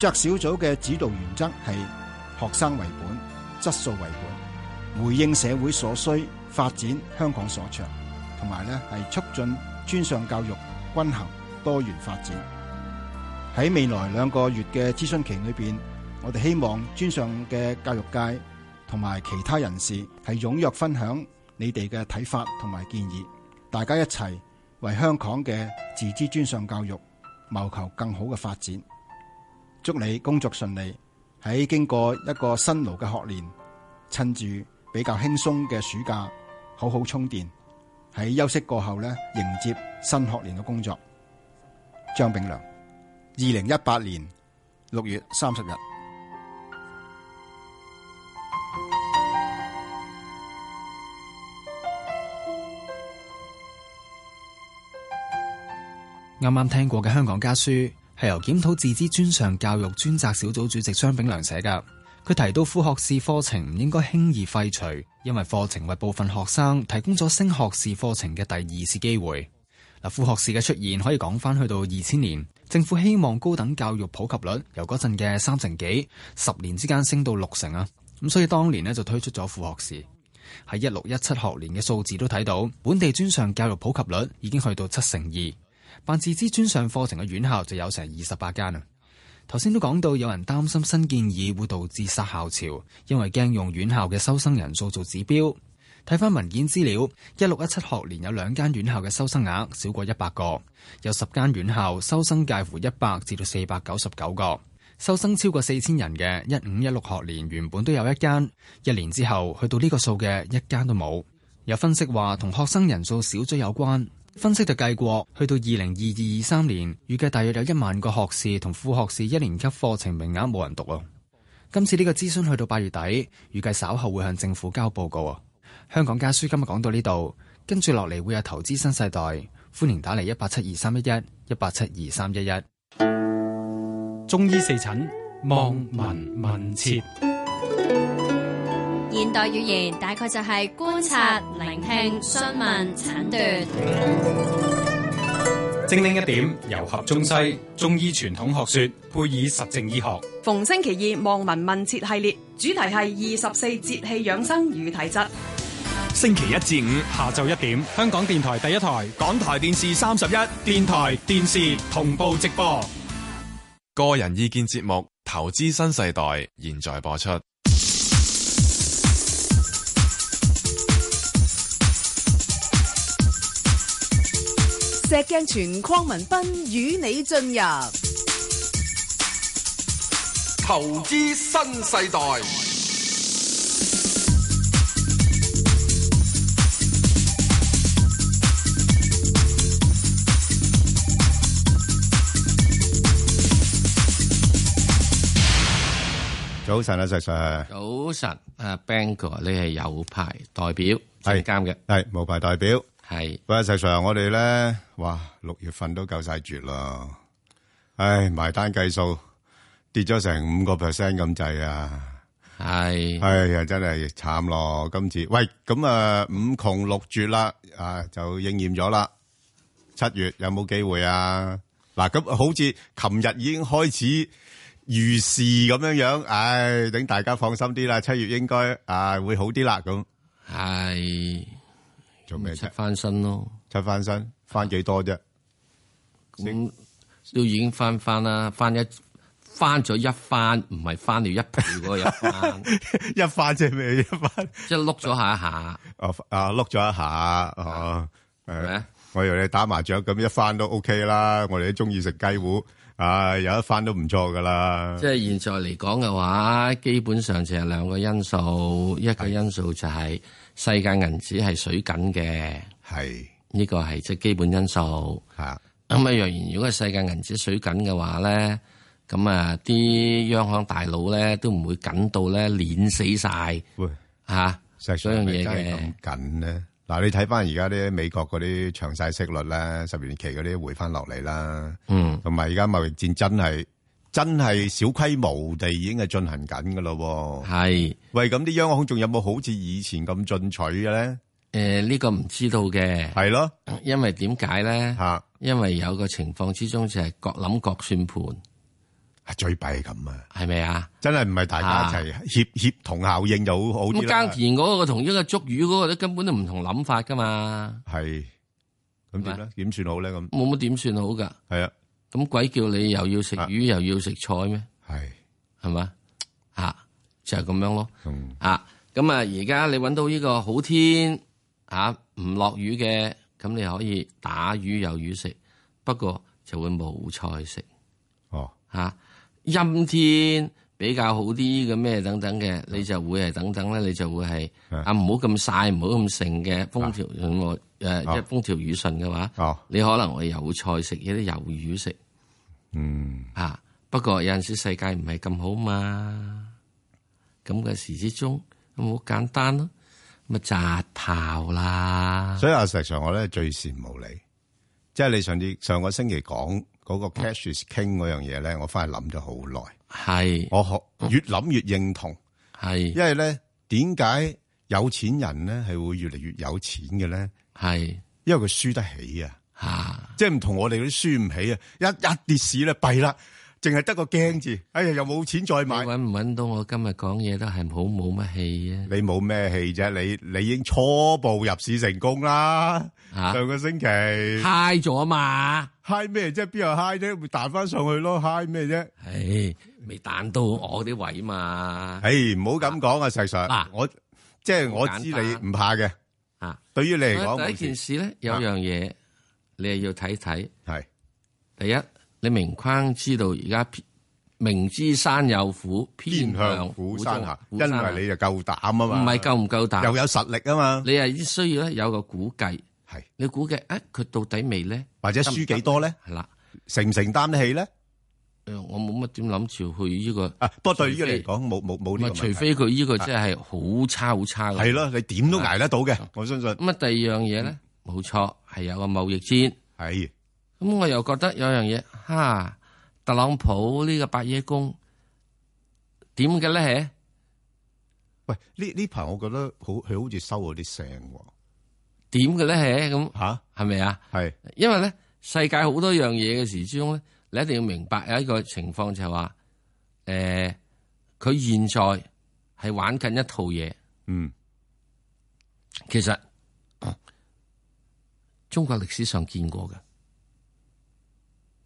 則小組嘅指導原則係學生為本、質素為本、回應社會所需、發展香港所長，同埋咧係促進專上教育均衡多元發展。喺未來兩個月嘅諮詢期裏邊，我哋希望專上嘅教育界同埋其他人士係踴躍分享你哋嘅睇法同埋建議，大家一齊為香港嘅自資專上教育謀求更好嘅發展。祝你工作順利，喺經過一個辛勞嘅學年，趁住比較輕鬆嘅暑假，好好充電，喺休息過後呢，迎接新學年嘅工作。張炳良，二零一八年六月三十日。啱啱聽過嘅香港家書。係由檢討自資專上教育專責小組主席張炳良寫㗎，佢提到副學士課程唔應該輕易廢除，因為課程為部分學生提供咗升學士課程嘅第二次機會。嗱，副學士嘅出現可以講翻去到二千年，政府希望高等教育普及率由嗰陣嘅三成幾，十年之間升到六成啊。咁所以當年呢，就推出咗副學士。喺一六一七學年嘅數字都睇到，本地專上教育普及率已經去到七成二。辦自資專上課程嘅院校就有成二十八間啊！頭先都講到有人擔心新建議會導致殺校潮，因為驚用院校嘅收生人數做指標。睇返文件資料，一六一七學年有兩間院校嘅收生額少過一百個，有十間院校收生介乎一百至到四百九十九個，收生超過四千人嘅一五一六學年原本都有一間，一年之後去到呢個數嘅一間都冇。有分析話同學生人數少咗有關。分析就計過，去到二零二二二三年，預計大約有一萬個學士同副學士一年級課程名額冇人讀啊！今次呢個諮詢去到八月底，預計稍後會向政府交報告啊！香港家書今日講到呢度，跟住落嚟會有投資新世代，歡迎打嚟一八七二三一一，一八七二三一一。中醫四診，望聞問切。現代語言大概就係觀察、聆聽、詢問、診斷。精靈一點，融合中西中醫傳統學說，配以實證醫學。逢星期二望聞問切系列，主題係二十四節氣養生與體質。星期一至五下晝一點，香港電台第一台、港台電視三十一電台電視同步直播。個人意見節目《投資新世代》現在播出。石鏡泉、鄺民彬與你進入投資新世代。早晨啊，石 sir。早晨，誒 Ben 哥，你係有牌代表，係啱嘅，係無牌代表。係不過，石 Sir，我哋咧哇，六月份都夠晒絕啦！唉，埋單計數跌咗成五個 percent 咁滯啊！係係啊，真係慘咯！今次喂，咁啊五窮六絕啦，啊就應驗咗啦！七月有冇機會啊？嗱，咁好似琴日已經開始預示咁樣樣，唉，等大家放心啲啦，七月應該啊會好啲啦，咁係。做咩？出翻身咯，出翻身翻幾多啫？你、啊、都已經翻翻啦，翻一翻咗一返，唔係翻了一倍喎。個一返 一番 一返，即係咩？一翻即係碌咗下一下，啊碌咗、啊、一下，係、啊、咪、哦、我我以為你打麻雀咁一返都 OK 啦，我哋都中意食雞糊，啊有一返都唔錯噶啦。即係現在嚟講嘅話，基本上就係兩個因素，一個因素就係、是。世界銀紙係水緊嘅，係呢、這個係即係基本因素嚇。咁啊，若然如果世界銀紙水緊嘅話咧，咁啊啲央行大佬咧都唔會緊到咧碾死曬嚇。所有嘢嘅咁緊咧，嗱你睇翻而家啲美國嗰啲長曬息率啦，十年期嗰啲回翻落嚟啦，嗯，同埋而家貿易戰真係。真係小規模地已經係進行緊噶咯，係喂，咁啲央行仲有冇好似以前咁進取嘅咧？誒，呢個唔知道嘅係咯，因為點解咧吓？因為有個情況之中就係各諗各算盤，係最弊咁啊，係咪啊？真係唔係大家一齊協協同效應就好好啲啦。耕田嗰個同一個捉魚嗰個都根本都唔同諗法噶嘛，係咁點咧？點算好咧？咁冇乜點算好噶？係啊。咁鬼叫你又要食魚、啊、又要食菜咩？係係嘛，吓、啊、就係、是、咁樣咯。嗯、啊，咁啊，而家你揾到呢個好天，啊唔落雨嘅，咁你可以打魚有魚食，不過就會冇菜食。哦，吓、啊、陰天。比較好啲嘅咩等等嘅，你就會係等等咧。你就會係啊，唔好咁晒，唔好咁盛嘅風調雨即係風調雨順嘅話、啊，你可能會有菜食，有啲魷魚食。嗯、啊、不過有陣時世界唔係咁好嘛，咁嘅時之中好簡單咯，咪扎炮啦。所以阿石 Sir 我咧最羨慕你，即係你上次上個星期講嗰、嗰個 cash is King 嗰樣嘢咧、嗯，我翻去諗咗好耐。係，我學越諗越認同，係，因為咧，點解有錢人咧係會越嚟越有錢嘅咧？係，因為佢輸得起啊，吓、啊，即係唔同我哋嗰啲輸唔起啊，一一跌市咧弊啦，淨係得個驚字，哎呀，又冇錢再買，你搵唔搵到我今日講嘢都係好冇乜氣啊！你冇咩氣啫，你你已經初步入市成功啦，啊，上個星期 high 咗嘛？high 咩？即係邊度 high 啫？會彈翻上去咯？high 咩啫？係。未彈到我啲位嘛？誒，唔好咁講啊！石 Sir，我即係我知你唔怕嘅。啊，對於你嚟講，第一件事咧，有樣嘢你係要睇睇。係第一，你明框知道而家明知山有虎，偏向虎山行，因為你就夠膽啊嘛。唔係夠唔夠膽？又有實力啊嘛。你係需要咧有個估計，係你估計誒，佢到底未咧，或者輸幾多咧？係啦，承唔承擔得起咧？我冇乜點諗住去呢個啊，不過對於你嚟講冇冇冇呢。除非佢呢個真係好差好差嘅，係咯，你點都捱得到嘅，我相信。咁啊，第二樣嘢咧，冇錯係有個貿易戰，係。咁我又覺得有樣嘢，吓特朗普呢個八爺公點嘅咧？吓，喂，呢呢排我覺得好，佢好似收咗啲聲。點嘅咧？吓咁吓，係咪啊？係，因為咧，世界好多樣嘢嘅時之中咧。你一定要明白有一個情況就係話，誒、呃，佢現在係玩緊一套嘢。嗯，其實、啊、中國歷史上見過嘅，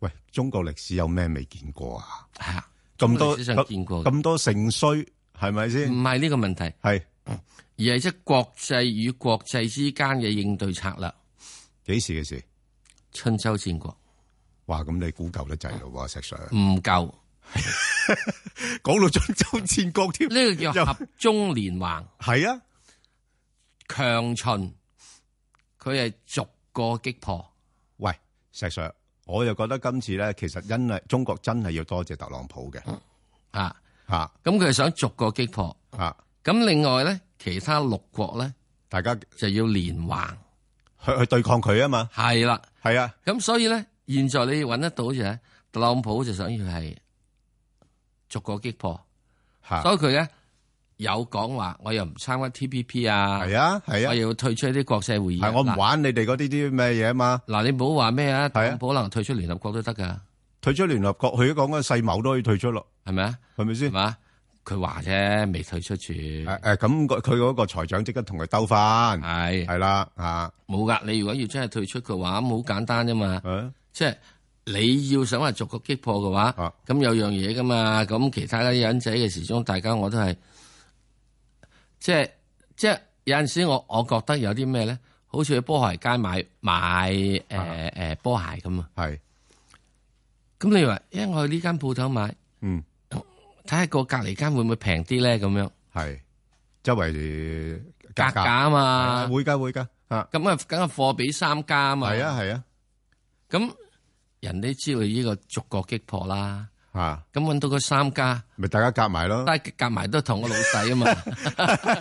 喂，中國歷史有咩未見過啊？係啊，咁多咁多盛衰，係咪先？唔係呢個問題，係、嗯、而係即係國際與國際之間嘅應對策略。幾時嘅事？春秋戰國。話咁你估夠得滯咯？話石 Sir 唔夠，講到春秋戰國添，呢個叫合中連橫。係啊，強秦佢係逐個擊破。喂，石 Sir，我又覺得今次咧，其實因為，中國真係要多謝特朗普嘅。啊啊，咁佢係想逐個擊破啊。咁另外咧，其他六國咧，大家就要連橫去去對抗佢啊嘛。係啦，係啊。咁所以咧。現在你揾得到嘅，特朗普就想要係逐個擊破、啊，所以佢咧有講話，我又唔參加 T P P 啊，係啊係啊，我又、啊、退出一啲國際會議。係、啊、我唔玩你哋嗰啲啲咩嘢嘛。嗱，你唔好話咩啊？特朗普可能退出聯合國都得噶，退出聯合國，佢都講個世貿都可以退出咯，係咪啊？係咪先？佢話啫，未退出住。誒咁佢嗰個財長即刻同佢兜翻，係係啦吓。冇噶、啊，你、啊、如果要真係退出嘅話，咁好簡單啫嘛。即係你要想話逐個擊破嘅話，咁有樣嘢噶嘛？咁其他啲人仔嘅時鐘，大家我都係，即係即係有陣時我我覺得有啲咩咧，好似去波鞋街買買誒誒波鞋咁啊，係。咁你話，因為我去呢間鋪頭買，嗯，睇下個隔籬間會唔會平啲咧？咁樣係，周圍格價啊嘛，會噶會噶，吓，咁啊梗係貨比三家啊嘛，係啊係啊，咁。人哋知道呢個逐個擊破啦，嚇咁揾到個三家，咪大家夾埋咯，但係夾埋都同個老細啊嘛，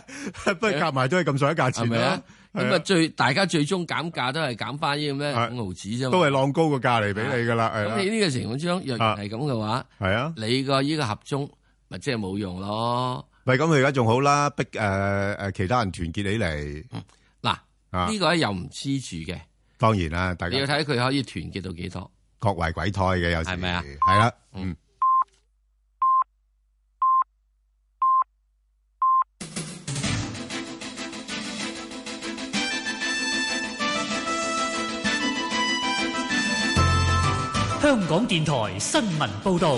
不都夾埋都係咁上下價錢嘅、啊，咁啊，啊最大家最終減價都係減翻呢啲咩五毫子啫，都係浪高個價嚟俾你噶啦，咁、啊啊、你呢個情況之中，若然係咁嘅話啊、就是，啊，你個依個合中咪即係冇用咯，係咁，佢而家仲好啦，逼、呃、其他人團結起嚟，嗱、嗯、呢、啊啊呢個又唔黐住嘅，當然啦，大家你要睇佢可以團結到幾多、多。確為鬼胎嘅有時係咪啊？係啦，嗯。香港電台新聞報道，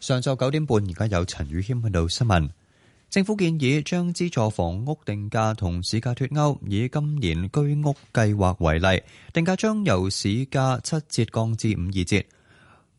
上晝九點半，而家有陳宇謙報道新聞。政府建議將資助房屋定價同市價脫鉤，以今年居屋計劃為例，定價將由市價七折降至五二折。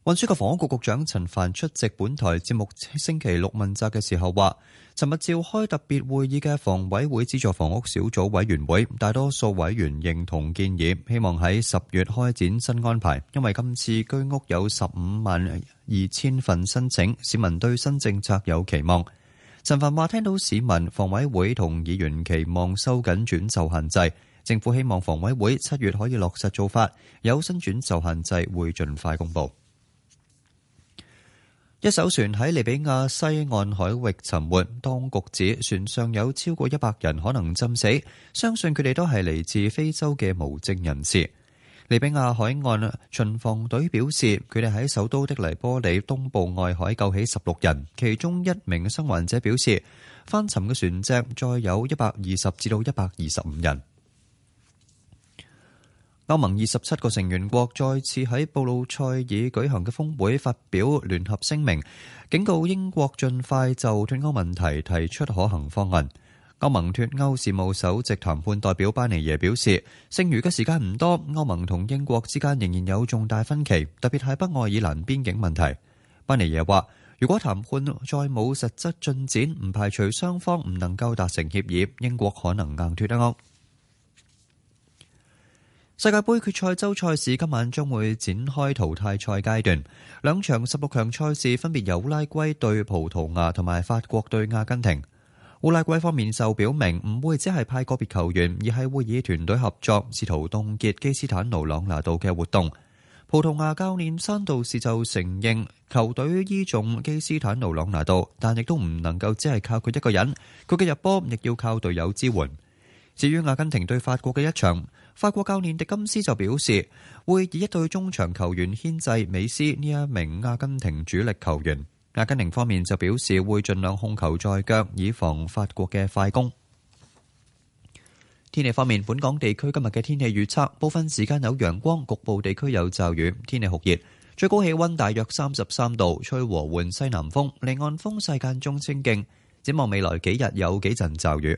運輸及房屋局局長陳帆出席本台節目星期六問責嘅時候話，尋日召開特別會議嘅房委會資助房屋小組委員會，大多數委員認同建議，希望喺十月開展新安排。因為今次居屋有十五萬二千份申請，市民對新政策有期望。陳帆話：聽到市民、房委會同議員期望收緊轉售限制，政府希望房委會七月可以落實做法，有新轉售限制會盡快公布。一艘船喺利比亞西岸海域沉沒，當局指船上有超過一百人可能浸死，相信佢哋都係嚟自非洲嘅無證人士。利比亞海岸巡防隊表示，佢哋喺首都的黎波里東部外海救起十六人，其中一名生還者表示，翻沉嘅船隻再有一百二十至到一百二十五人。歐盟二十七個成員國再次喺布魯塞爾舉行嘅峰會發表聯合聲明，警告英國盡快就退歐問題提出可行方案。歐盟脫歐事務首席談判代表班尼耶表示，剩餘嘅時間唔多，歐盟同英國之間仍然有重大分歧，特別係北愛爾蘭邊境問題。班尼耶話，如果談判再冇實質進展，唔排除雙方唔能夠達成協議，英國可能硬脱得歐。世界杯決賽周賽事今晚將會展開淘汰賽階段，兩場十六強賽事分別由烏拉圭對葡萄牙同埋法國對阿根廷。烏拉圭方面就表明唔會只係派個別球員，而係會以團隊合作，試圖凍結基斯坦奴朗拿度嘅活動。葡萄牙教練山道士就承認球隊倚重基斯坦奴朗拿度，但亦都唔能夠只係靠佢一個人，佢嘅入波亦要靠隊友支援。至於阿根廷對法國嘅一場，法國教練迪金斯就表示會以一對中場球員牽制美斯，呢一名阿根廷主力球員。阿根廷方面就表示會盡量控球在腳，以防法國嘅快攻。天氣方面，本港地區今日嘅天氣預測，部分時間有陽光，局部地區有驟雨。天氣酷熱，最高氣温大約三十三度，吹和緩西南風，離岸風勢間中清勁。展望未來幾日有幾陣驟雨。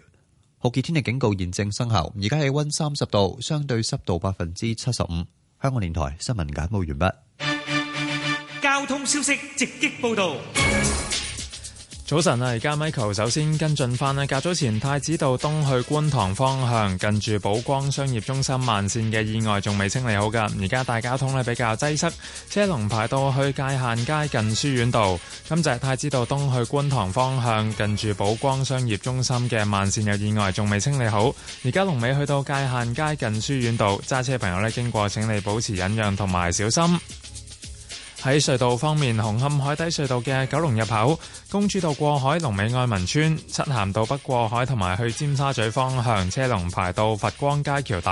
酷熱天氣警告現正生效。而家氣温三十度，相對濕度百分之七十五。香港電台新聞簡報完畢。通消息直擊報道。早晨啊，而家 Michael 首先跟進翻咧，較早前太子道東去觀塘方向，近住寶光商業中心慢線嘅意外仲未清理好噶而家大交通咧比較擠塞，車龍排到去界限街近書院度。咁就係太子道東去觀塘方向，近住寶光商業中心嘅慢線有意外，仲未清理好。而家龍尾去到界限街近書院度，揸車朋友呢經過，請你保持忍讓同埋小心。喺隧道方面，紅磡海底隧道嘅九龍入口、公主道過海、龍尾愛民邨、漆咸道北過海同埋去尖沙咀方向，車龍排到佛光街橋底；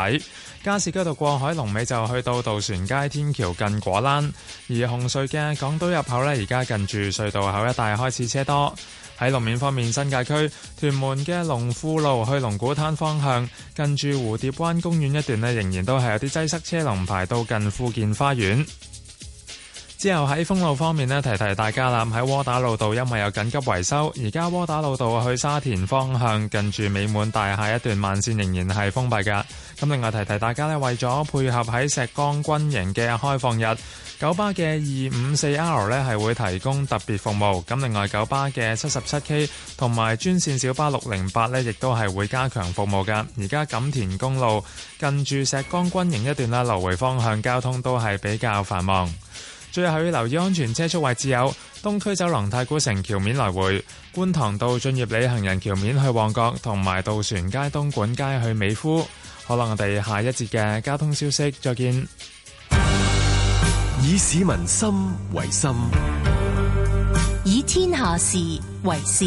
加士居道過海龍尾就去到渡船街天橋近果欄。而紅隧嘅港島入口呢，而家近住隧道口一帶開始車多。喺路面方面，新界區屯門嘅龍富路去龍鼓灘方向，近住蝴蝶灣公園一段呢，仍然都係有啲擠塞，車龍排到近富健花園。之後喺封路方面呢，提提大家啦。喺窩打路道因為有緊急維修，而家窩打路道去沙田方向近住美滿大廈一段慢綫仍然係封閉噶。咁另外提提大家呢，為咗配合喺石崗軍營嘅開放日，九巴嘅二五四 R 呢係會提供特別服務。咁另外九巴嘅七十七 K 同埋專綫小巴六零八呢亦都係會加強服務噶。而家錦田公路近住石崗軍營一段啦，流回方向交通都係比較繁忙。最後要留意安全車速位置有東區走廊、太古城橋面來回、觀塘道、駿業里行人橋面去旺角，同埋渡船街、東莞街去美孚。可能我哋下一節嘅交通消息再見。以市民心為心，以天下事為事。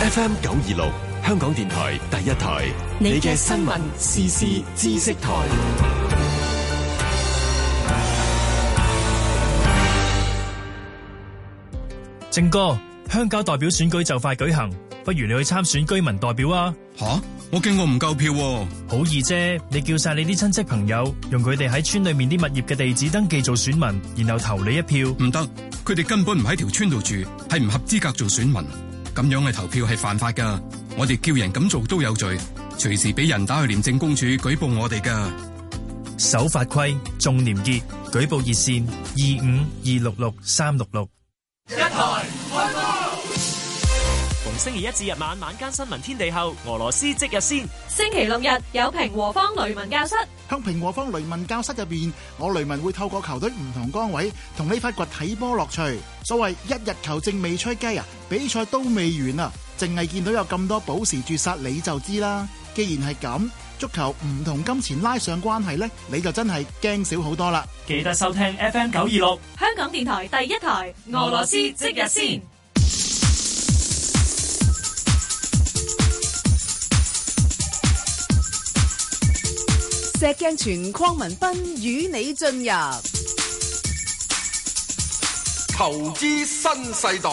F M 九二六。香港電台第一台，你嘅新聞時事知識台。正哥，鄉郊代表選舉就快舉行，不如你去參選居民代表我我啊？吓，我驚我唔夠票。好易啫，啊，你叫晒你啲親戚朋友，用佢哋喺村裏面啲物業嘅地址登記做選民，然後投你一票。唔得，佢哋根本唔喺條村度住，係唔合資格做選民，咁樣嘅投票係犯法噶。我哋叫人咁做都有罪，隨時俾人打去廉政公署舉報我哋噶。守法規，重廉潔，舉報熱線二五二六六三六六。一台快樂，逢星期一至日晚晚間新聞天地後，俄羅斯即日先。星期六日有平和方雷文教室，向平和方雷文教室入邊，我雷文會透過球隊唔同崗位，同你發掘睇波樂趣。所謂一日球證未吹雞啊，比賽都未完啊！淨係見到有咁多補時絕殺你就知啦。既然係咁，足球唔同金錢拉上關係呢你就真係驚少好多啦。記得收聽 FM 九二六，香港電台第一台，俄羅斯即日先。石鏡泉、鄺民彬與你進入投資新世代。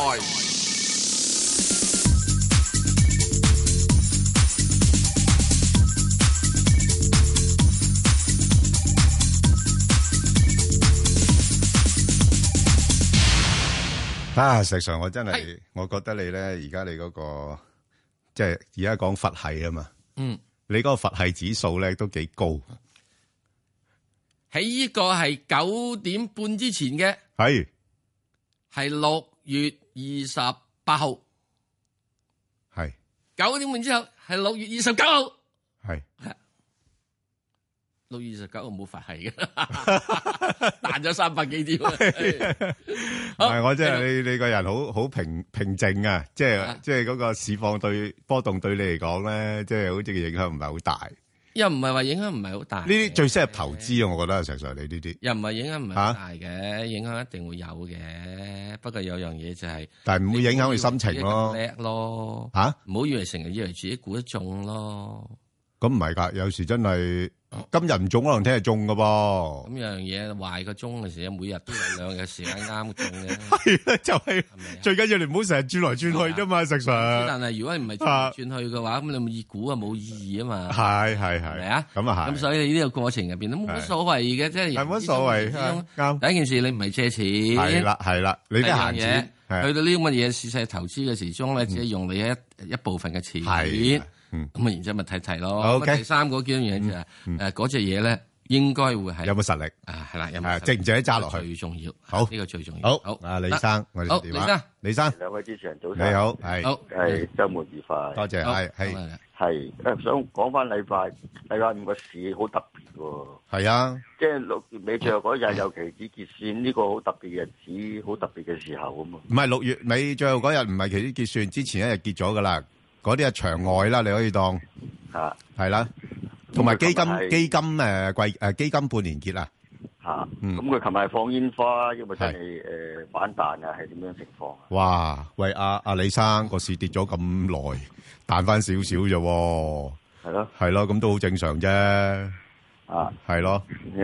啊！實際上我真係，我覺得你咧，而家你嗰個即係而家講佛係啊嘛。嗯，你嗰個佛係指數咧都幾高。喺依個係九點半之前嘅，係係六月二十八號，係九點半之後係六月二十九號，係。係到二十九，我冇好發氣嘅，彈咗三百幾點。唔係，我真係你你個人好好平平靜啊！即係即係嗰個市況對波動對你嚟講咧，即係好似嘅影響唔係好大。又唔係話影響唔係好大。呢啲最適合投資啊！我覺得，常常你呢啲又唔係影響唔係大嘅、啊，影響一定會有嘅。不過有樣嘢就係，但係唔會影響你心情咯、啊，叻、啊、咯。吓，唔好以為成日以為自己估得中咯、啊。咁唔係噶，有時真係。今日唔中可能聽日中噶噃，咁樣嘢，壞個鐘嘅時候，間每日都有兩日時間啱中嘅。係 就係、是，最緊要你唔好成日轉來轉去啫、啊啊、嘛，食神。但係如果唔係轉去嘅話，咁你冇意股啊，冇意義啊嘛。係係係，係啊，咁啊咁所以呢個過程入邊都冇乜所謂嘅，即係冇乜所謂、啊啊。第一件事你唔係借錢。係啦係啦，你啲行嘢，去到呢啲咁嘅嘢事實投資嘅時鐘咧，只係用你一、嗯、一部分嘅錢。嗯，咁啊，然之後咪睇睇咯。好，第三嗰件嘢就，誒，嗰隻嘢咧，應該會係有冇實力啊，係啦，有冇實力，值唔值得揸落去，最重要。好，呢個最重要。好，好，阿李生，我哋電話，李生，李生，兩位主持人早晨，你好，係，係週末愉快，多謝，係，係，係，想講翻禮拜禮拜五個事，好特別嘅，係啊，即係六月尾最後嗰日有期指結算，呢個好特別嘅日子，好特別嘅時候咁啊，唔係六月尾最後嗰日唔係期指結算，之前一日結咗噶啦。嗰啲係場外啦，你可以當，啊，係啦，同埋基金基金誒季誒基金半年結啦，吓，咁佢琴日放煙花，因為真係誒反彈啊，係點樣情況？哇，喂阿阿李生個市跌咗咁耐，彈翻少少啫，係咯，係咯，咁都好正常啫，啊，係咯，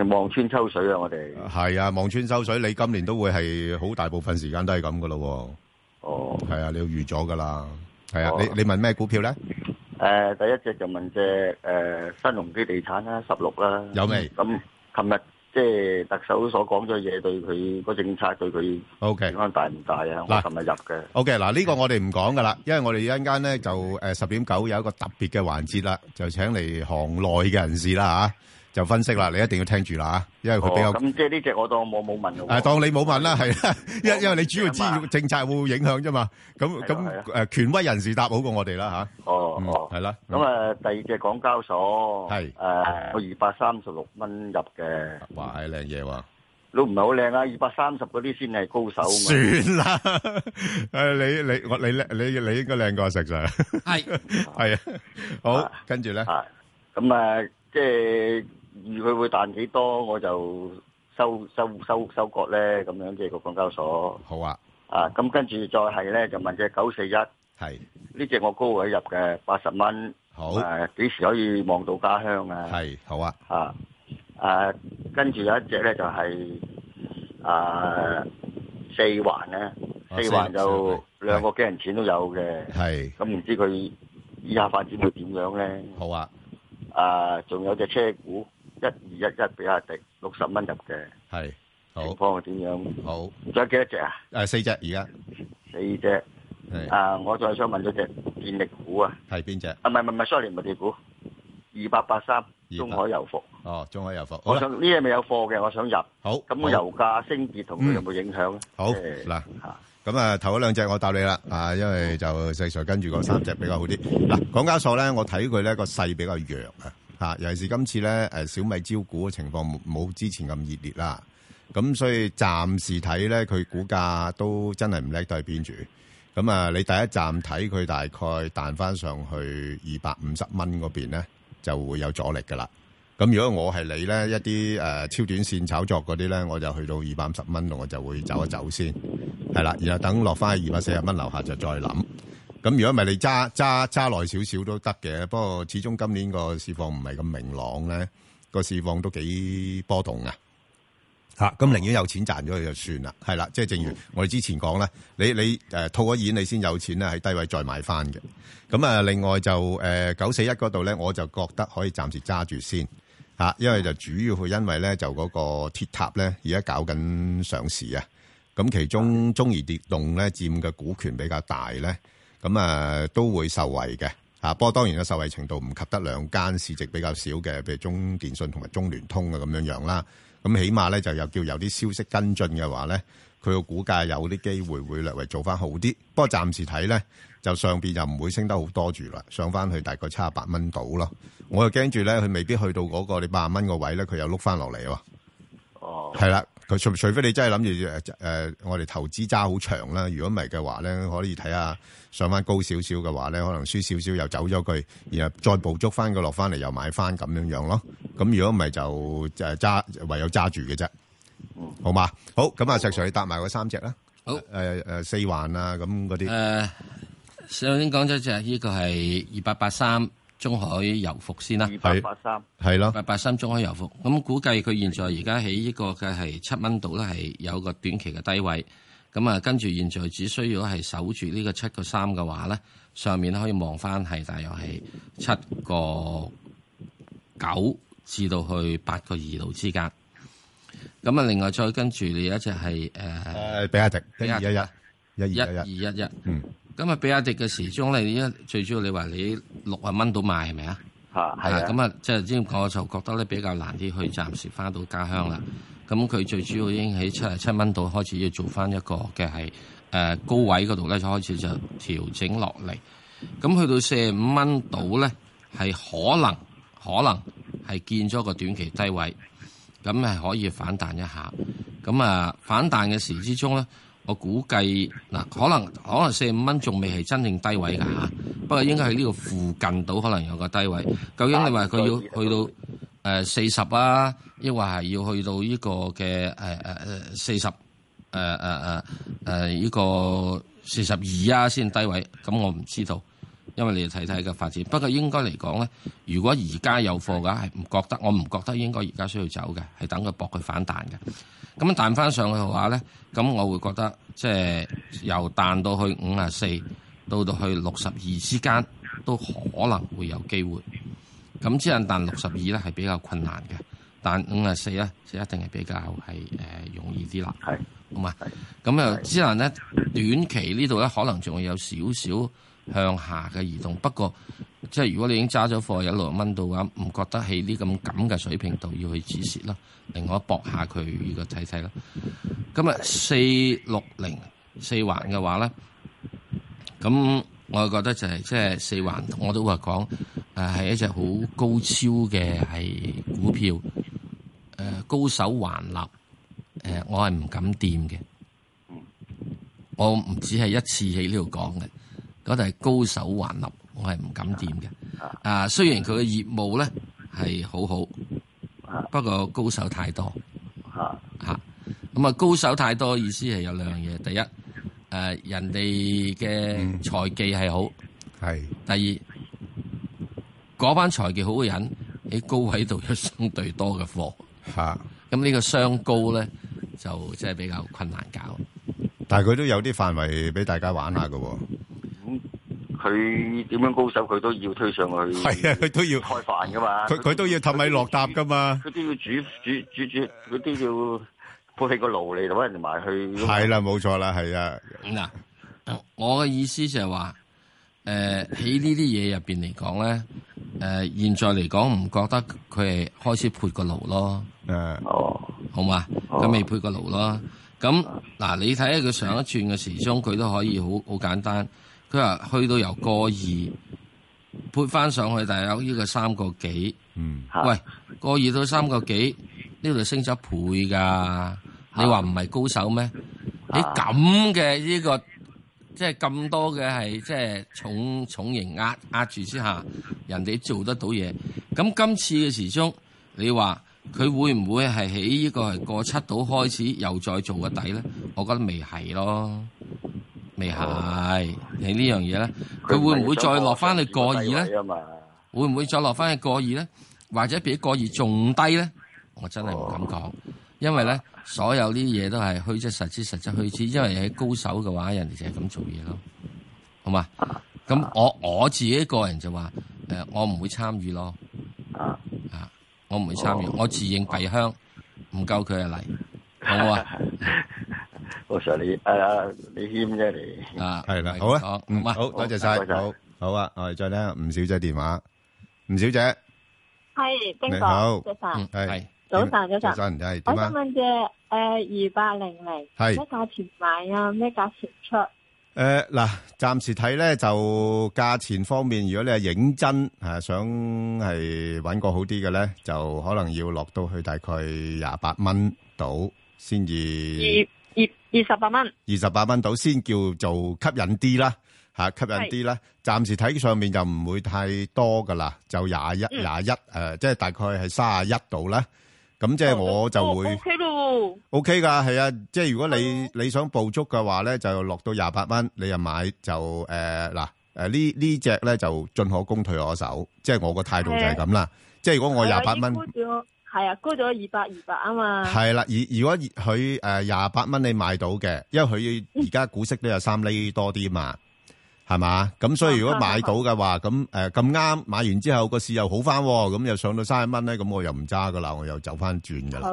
望穿秋水啊，我哋係啊，望穿秋水，你今年都會係好大部分時間都係咁噶咯，哦，係啊，你要預咗噶啦。係啊，你你問咩股票咧？誒，第一隻就問隻誒新鴻基地產啦，十六啦。有咩？咁，琴日即係特首所講咗嘢，對佢個政策對佢，O K，可能大唔大啊？嗱，我琴日入嘅。O K，嗱呢個我哋唔講噶啦，因為我哋一陣間咧就誒十點九有一個特別嘅環節啦，就請嚟行內嘅人士啦吓。就分析啦，你一定要聽住啦吓，因為佢比較咁即係呢隻我當我冇問嘅，誒，當你冇問啦，係啦，因因為你主要知政策會影響啫嘛，咁咁誒權威人士答好過我哋啦吓，哦哦，係啦，咁誒第二隻港交所係誒我二百三十六蚊入嘅，哇，係靚嘢喎。都唔係好靚啊，二百三十嗰啲先係高手，算啦，誒你你我你咧你你應該靚過石 Sir，係係啊，好，跟住咧，咁誒即係。預佢會彈幾多，我就收收收收割咧咁樣即係個港交所。好啊，啊咁跟住再係咧，就問隻九四一隻941，係呢隻我高位入嘅八十蚊。好，誒、啊、幾時可以望到家鄉啊？係好啊，嚇、啊、跟住有一隻咧就係四環咧，四環、啊哦、四四就兩個幾銀錢都有嘅。係，咁唔、嗯、知佢以下發展會點樣咧？好啊，啊仲有隻車股。一二一一比亞迪，六十蚊入嘅，係，好，幫我點樣？好，仲有幾多隻啊？誒，四隻，而家四隻。誒，啊，我再想問嗰隻電力股啊，係邊隻？啊，唔係唔係唔係，sorry，唔係地股，二八八三，中海油服。哦，中海油服，我想呢隻咪有貨嘅，我想入。好，咁個油價升跌同佢有冇影響咧？好，嗱吓，咁啊，頭嗰兩隻我答你啦，啊，因為就細碎跟住講三隻比較好啲。嗱，港交所咧，我睇佢咧個勢比較弱啊。吓，尤其是今次咧，小米招股嘅情況冇之前咁熱烈啦，咁所以暫時睇咧，佢股價都真係唔叻，都係邊住。咁啊，你第一站睇佢大概彈翻上去二百五十蚊嗰邊咧，就會有阻力㗎啦。咁如果我係你咧，一啲誒超短線炒作嗰啲咧，我就去到二百五十蚊度，我就會走一走先，係啦。然後等落翻去二百四十蚊樓下就再諗。咁如果唔係，你揸揸揸耐少少都得嘅。不過始終今年個市況唔係咁明朗咧，個市況都幾波動啊。吓咁，寧願有錢賺咗佢就算啦。係、嗯、啦，即係正如我哋之前講咧，你你誒套咗現，你先有錢咧，喺低位再買翻嘅。咁、嗯、啊，另外就誒九四一嗰度咧，呃、我就覺得可以暫時揸住先吓、啊，因為就主要佢因為咧就嗰個鐵塔咧而家搞緊上市啊。咁其中中移跌動咧佔嘅股權比較大咧。咁啊，都會受惠嘅嚇、啊。不過當然嘅受惠程度唔及得兩間市值比較少嘅，譬如中電信同埋中聯通啊咁樣樣啦。咁起碼咧就又叫有啲消息跟進嘅話咧，佢個股價有啲機會會略為做翻好啲。不過暫時睇咧，就上邊就唔會升得好多住啦，上翻去大概七十八蚊到咯。我又驚住咧，佢未必去到嗰個你八十蚊個位咧，佢又碌翻落嚟喎。哦，係啦。佢除非你真係諗住誒我哋投資揸好長啦。如果唔係嘅話咧，可以睇下上翻高少少嘅話咧，可能輸少少又走咗佢，然後再捕足翻個落翻嚟又買翻咁樣樣咯。咁如果唔係就誒揸、呃、唯有揸住嘅啫，好嘛？好咁、嗯、啊，石 Sir 搭埋嗰三隻啦。好、呃呃、四環啊咁嗰啲。誒、呃，上先講咗隻呢個係二八八三。中海油服先啦、啊，二八三，係咯，八八三中海油服，咁估計佢現在而家喺呢個嘅係七蚊度咧，係有個短期嘅低位，咁啊跟住現在只需要係守住這個7 .3 的話呢個七個三嘅話咧，上面可以望返係大約係七個九至到去八個二度之間，咁啊另外再跟住你有一隻係誒，比亞迪，比亞迪一，一二一一，嗯。咁啊，比亞迪嘅時鐘咧，一最主要你話你六啊蚊度賣係咪啊？嚇，係。咁啊，即係點講？我就覺得咧比較難啲，去暫時翻到家鄉啦。咁、嗯、佢最主要已經喺七啊七蚊度開始要做翻一個嘅係、就係呃、高位嗰度咧，就開始就調整落嚟。咁去到四啊五蚊度咧，係可能可能係見咗個短期低位，咁係可以反彈一下。咁啊、呃，反彈嘅時之中咧。我估計嗱，可能可能四十五蚊仲未係真正低位㗎，嚇，不過應該喺呢個附近到可能有個低位。究竟你話佢要去到誒四十啊，抑或係要去到呢個嘅誒誒誒四十誒誒誒誒呢個四十二啊先低位？咁我唔知道，因為你睇睇嘅發展。不過應該嚟講咧，如果而家有貨嘅係唔覺得，我唔覺得應該而家需要走嘅，係等佢博佢反彈嘅。咁彈翻上去嘅話咧，咁我會覺得即係由彈到去五啊四，到到去六十二之間都可能會有機會。咁只能彈六十二咧係比較困難嘅，但五啊四咧就一定係比較係、呃、容易啲啦。係，同埋咁啊，只能咧短期呢度咧可能仲會有少少。向下嘅移動，不過即係如果你已經揸咗貨有六蚊到嘅話，唔覺得喺呢咁咁嘅水平度要去止蝕啦，另外一搏一，搏下佢呢個睇睇啦。咁啊，四六零四環嘅話咧，咁我覺得就係、是、即係四環，我都話講係一隻好高超嘅股票，高手橫立，我係唔敢掂嘅，我唔止係一次喺呢度講嘅。我哋係高手橫立，我係唔敢掂嘅。啊，雖然佢嘅業務咧係好好，不過高手太多。嚇、啊、嚇，咁啊高手太多意思係有兩樣嘢。第一，誒、啊、人哋嘅財技係好。係、嗯。第二，嗰班財技好嘅人喺高位度有相對多嘅貨。嚇、啊。咁呢個雙高咧，就即係比較困難搞。但係佢都有啲範圍俾大家玩下㗎喎。佢點樣高手，佢都要推上去。係啊，佢都要開飯噶嘛。佢佢都要氹你落搭噶嘛。佢都要煮煮煮煮，佢都要配起個爐嚟，同人哋埋去。係啦，冇錯啦，係啊。嗱、啊嗯，我嘅意思就係話，喺、呃、呢啲嘢入面嚟講咧，誒、呃、現在嚟講唔覺得佢係開始配個爐咯。嗯，哦，好嘛，咁未配個爐咯。咁嗱、呃，你睇下佢上一轉嘅時鐘，佢都可以好好簡單。佢話去到由過二撥翻上去大，大概呢個三個幾。嗯，喂，過二到三個幾，呢度升咗一倍㗎、啊。你話唔係高手咩？喺咁嘅呢個，即係咁多嘅係即係重重型壓壓住之下，人哋做得到嘢。咁今次嘅時鐘，你話佢會唔會係喺呢個係過七度開始又再做個底咧？我覺得未係咯。未係，你、嗯嗯、呢樣嘢咧，佢、啊、會唔會再落翻去過二咧？會唔會再落翻去過二咧？或者比過二仲低咧？我真係唔敢講、哦，因為咧所有啲嘢都係虛則實之，實則虛之。因為喺高手嘅話，人哋就係咁做嘢咯，好嘛？咁、啊、我我自己個人就話，誒、呃，我唔會參與咯，啊啊，我唔會參與，哦、我自認閉香，唔、啊、夠佢嚟，好唔好啊？ 我 Sir 你誒、哎，你謙啫，你啊係啦，好啊，好嗯，好多、啊、謝晒，好，好啊，我哋再聽吳小姐電話。吳小姐係，你好，早晨，係早晨，早晨，早晨，你、啊、我想問嘅誒，二八零零係咩價錢買啊？咩價錢出誒、啊？嗱、呃，暫時睇咧就價錢方面，如果你係認真啊，想係揾個好啲嘅咧，就可能要落到去大概廿八蚊到先至。二十八蚊，二十八蚊到先叫做吸引啲啦，吓吸引啲啦。暫時睇上面就唔會太多噶啦，就廿一廿一誒，即係大概係卅一度啦。咁即係我就會、哦哦、OK 咯，OK 噶係啊。即係如果你、哦、你想捕捉嘅話咧，就落到廿八蚊，你又買就誒嗱誒呢呢隻咧就進可攻退可守，即係我個態度就係咁啦。即係如果我廿八蚊。嗯嗯嗯係啊，高咗二百二百啊嘛。係啦，而如果佢誒廿八蚊你買到嘅，因為佢而家股息都有三厘多啲嘛，係嘛？咁所以如果買到嘅話，咁誒咁啱買完之後個市又好翻，咁又上到三十蚊咧，咁我又唔揸噶啦，我又走翻轉噶。好，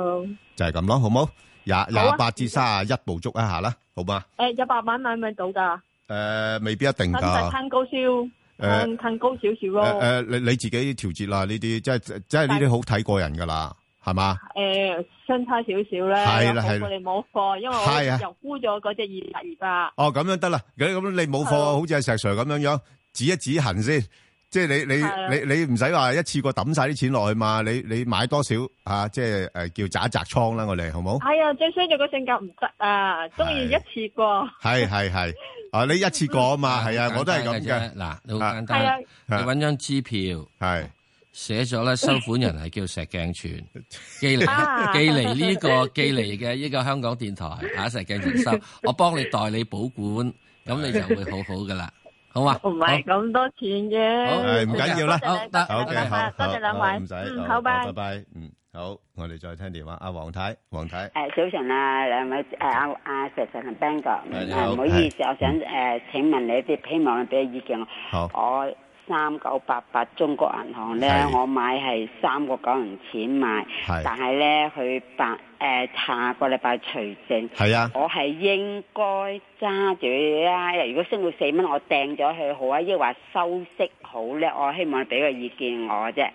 就係咁咯，好冇？廿廿八至卅一，捕捉一下啦，好嘛？誒，一百萬買唔買到噶？誒，未必一定噶。咁就睇高燒。誒、嗯、更、呃、高少少咯。誒、呃，你、呃、你自己調節啦，呢啲即係即係呢啲好睇個人噶啦，係嘛？誒、呃，相差少少咧。係啦係啦，我哋冇貨，因為我、啊、又沽咗嗰隻二八二八哦，咁樣得啦。咁你冇貨，好似阿石 Sir 咁樣樣，指一指痕先。即係你你，啊，你你唔使話一次過抌晒啲錢落去嘛？你你買多少啊？即係誒，呃，叫扎一扎倉啦，我哋好冇？係，哎，啊，最衰就個性格唔得啊，中意一次過。係係係，是是是 啊你一次過啊嘛，係啊的，我都係咁嘅。嗱，啊，好簡單，啊，你搵張支票，係寫咗咧收款人係叫石鏡泉，寄嚟寄嚟呢個寄嚟嘅呢個香港電台下石鏡泉收，我幫你代理保管，咁你就會好好噶啦。好嘛，唔係咁多錢嘅，好唔緊要啦，好得，多謝兩位，唔使，好拜拜。嗯，好，我哋再聽電話，阿王太，王太，誒，早晨啊，兩位誒，阿阿石石同 Ben 哥，唔好意思，我想誒，請問你一啲，希望俾個意見我，好，好。三九八八中國銀行咧，我買係三個九銀錢買，但係咧佢八誒下個禮拜除淨，啊、我係應該揸住啦。如果升到四蚊，我掟咗佢好啊，抑或收息好咧，我希望你俾個意見、 呃、我啫。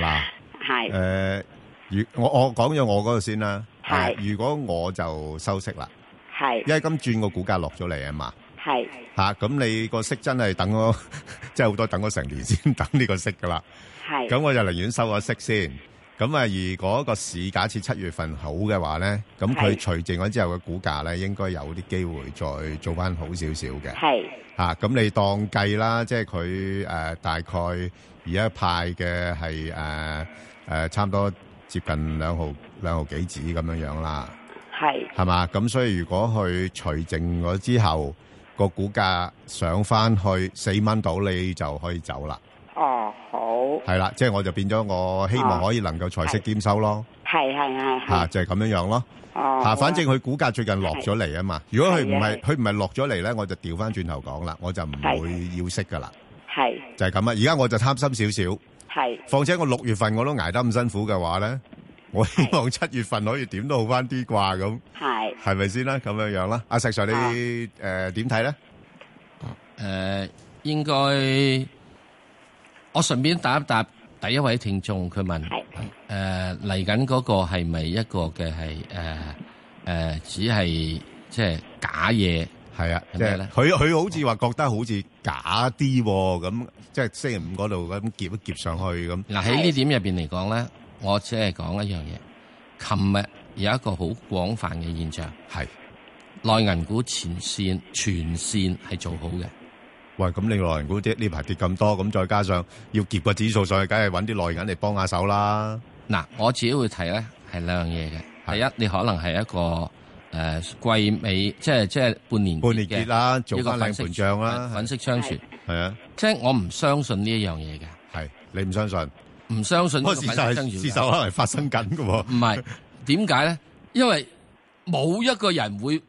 嗱，係誒，如我了我講咗我嗰度先啦。係、呃，如果我就收息啦，係，因為今轉個股價落咗嚟啊嘛。係，吓、啊、咁你息 個息真係等咗，即係好多等咗成年先等呢個息噶啦。係，咁我就寧願收咗息先。咁啊，如果個市假設七月份好嘅話咧，咁佢除淨咗之後嘅股價咧，應該有啲機會再做翻好少少嘅。係，吓、啊、咁你當計啦，即係佢誒大概而家派嘅係誒誒，差唔多接近兩毫兩毫幾紙咁樣樣啦。係，係嘛？咁所以如果佢除淨咗之後，個股價上翻去四蚊到，你就可以走啦。哦，好係啦，即係我就變咗，我希望可以能夠財息兼收咯。係係係，吓、啊、就係咁樣樣咯。哦，吓，反正佢股價最近落咗嚟啊嘛。如果佢唔係佢唔係落咗嚟咧，我就調翻轉頭講啦，我就唔會要息噶啦。係就係咁啊。而家我就貪心少少。係。況且我六月份我都挨得咁辛苦嘅話咧。我希望七月份可以點都好翻啲啩咁，係咪先啦？咁樣樣啦，阿石 Sir 你誒點睇咧？誒，應該我順便答一答第一位聽眾，佢問：誒嚟緊嗰個係咪一個嘅係誒誒只係即係假嘢？係啊，即係咧，佢佢好似話覺得好似假啲咁，即係星期五嗰度咁夾一夾上去咁。嗱，喺呢點入邊嚟講咧？我只係講一樣嘢，琴日有一個好廣泛嘅現象係內銀股前線全線係做好嘅。喂，咁你內銀股啲呢排跌咁多，咁再加上要結個指數上去，梗係揾啲內銀嚟幫下手啦。嗱，我自己會提咧係兩樣嘢嘅。第一，你可能係一個誒季尾，即係即係半年結半年結啦，做返個粉飾賬啦，粉飾相傳係啊。即係我唔相信呢一樣嘢嘅。係你唔相信？唔相信呢個事實係事實，可能發生緊噶，唔係，點解咧？因為冇一個人會